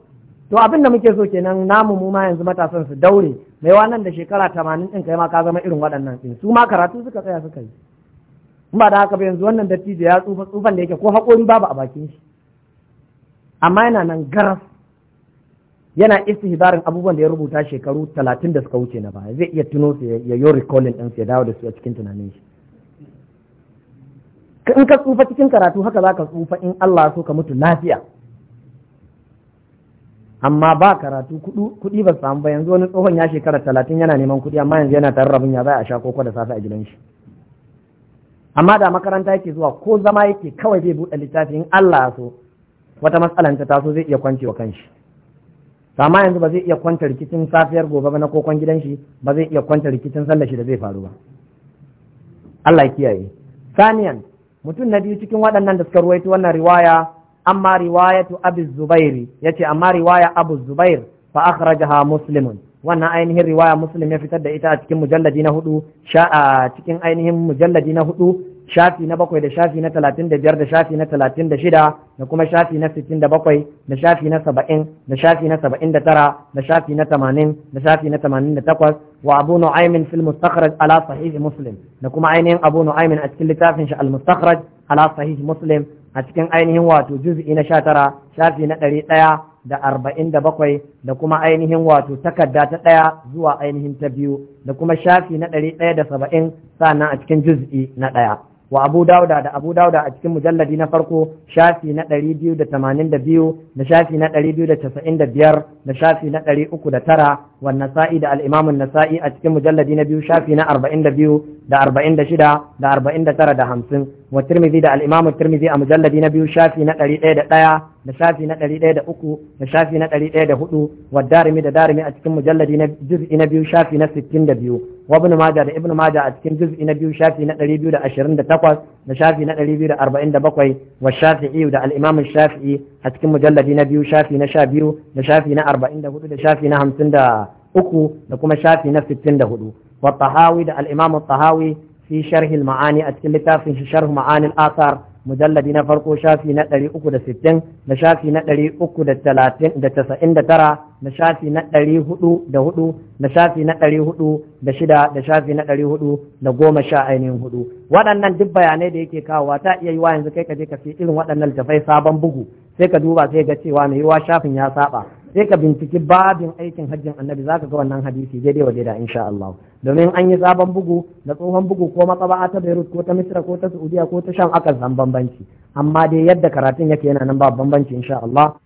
to abin da muke so kenan namu mu ma yanzu matasan su daure mai wa nan da shekara tamanin ɗin kai ma ka zama irin waɗannan ɗin su ma karatu suka tsaya suka yi Mun ba da haka ba yanzu wannan dattijo ya tsufa tsufan da yake ko haƙori babu a bakin shi amma yana nan garas yana istihbarin abubuwan da ya rubuta shekaru talatin da suka wuce na ba zai iya tuno su ya yi recalling ɗinsu ya dawo da su a cikin tunanin shi in ka tsufa cikin karatu haka za ka tsufa in Allah so ka mutu lafiya amma ba karatu kuɗi ba samu ba yanzu wani tsohon ya shekara talatin yana neman kuɗi amma yanzu yana tare rabin ya za a sha koko da safe a gidan shi amma da makaranta yake zuwa ko zama yake kawai zai buɗe littafi in Allah so wata matsalan ta taso zai iya kwanci wa kanshi amma yanzu ba zai iya kwanta rikicin safiyar gobe ba na kokon gidan shi ba zai iya kwanta rikicin sallar shi da zai faru ba Allah ya kiyaye saniyan mutum na biyu cikin waɗannan da suka ruwaito wannan riwaya amma riwayatu abu zubairi yace amma riwaya abu zubair fa akhrajaha muslimun wannan ainihin riwaya muslim ya fitar da ita a cikin mujalladi na hudu cikin ainihin mujalladi na hudu shafi na bakwai da shafi na talatin da biyar da shafi na talatin da shida da kuma shafi na sittin da bakwai da shafi na saba'in da shafi na saba'in da tara da shafi na tamanin da shafi na tamanin da takwas wa abu nu'aymin fil mustakhraj ala sahih muslim da kuma ainihin abu nu'aymin a cikin littafin shi al mustakhraj ala sahih muslim a cikin ainihin wato juz'i na sha tara shafi na ɗari ɗaya da arba'in da bakwai da kuma ainihin wato takarda ta ɗaya zuwa ainihin ta biyu da kuma shafi na ɗari ɗaya da saba'in sannan a cikin juz'i na ɗaya wa abu dauda da abu dauda a cikin mujalladi na farko shafi na ɗari biyu da tamanin da biyu da shafi na ɗari biyu da casa'in da biyar da shafi na ɗari uku da tara wa nasa'i da al'imamun nasa'i a cikin mujalladi na biyu shafi na arba'in da biyu da arba'in da shida da arba'in da tara da hamsin wa tirmidhi da al'imamu tirmidhi a mujalladi na biyu shafi na ɗari ɗaya da shafi na ɗari ɗaya da uku da shafi na ɗari ɗaya da hudu wa darimi da darimi a cikin mujalladi na juz'i na biyu shafi na sittin da biyu wa ibn da ibn majah a cikin juz'i na biyu shafi na 228 da shafi na 247 wa shafi'i da al a cikin mujalladi na biyu shafi na 12 da shafi na 44 da shafi na 53 da kuma shafi na 64 wa tahawi da al-imam tahawi fi sharh maani a cikin littafin sharh ma'ani al-athar mujalladi na farko shafi na ɗari uku da sittin da shafi na ɗari uku da talatin da tasa'in da tara da shafi na ɗari hudu da hudu da shafi na ɗari hudu da shida da shafi na ɗari hudu da goma sha ainihin hudu waɗannan duk bayanai da yake kawowa ta iya yiwa yanzu kai ka je ka fi irin waɗannan littafai sabon bugu sai ka duba sai ga cewa mai yiwa shafin ya saɓa. sai ka binciki babin aikin hajjin annabi zaka ga wannan hadisi daidai waje da insha Allah domin an yi sabon bugu da tsohon bugu ko matsaba'a ta Beirut ko ta Misra ko ta Saudiya ko ta Sham akan san bambanci amma dai yadda karatun yake yana nan ba bambanci insha Allah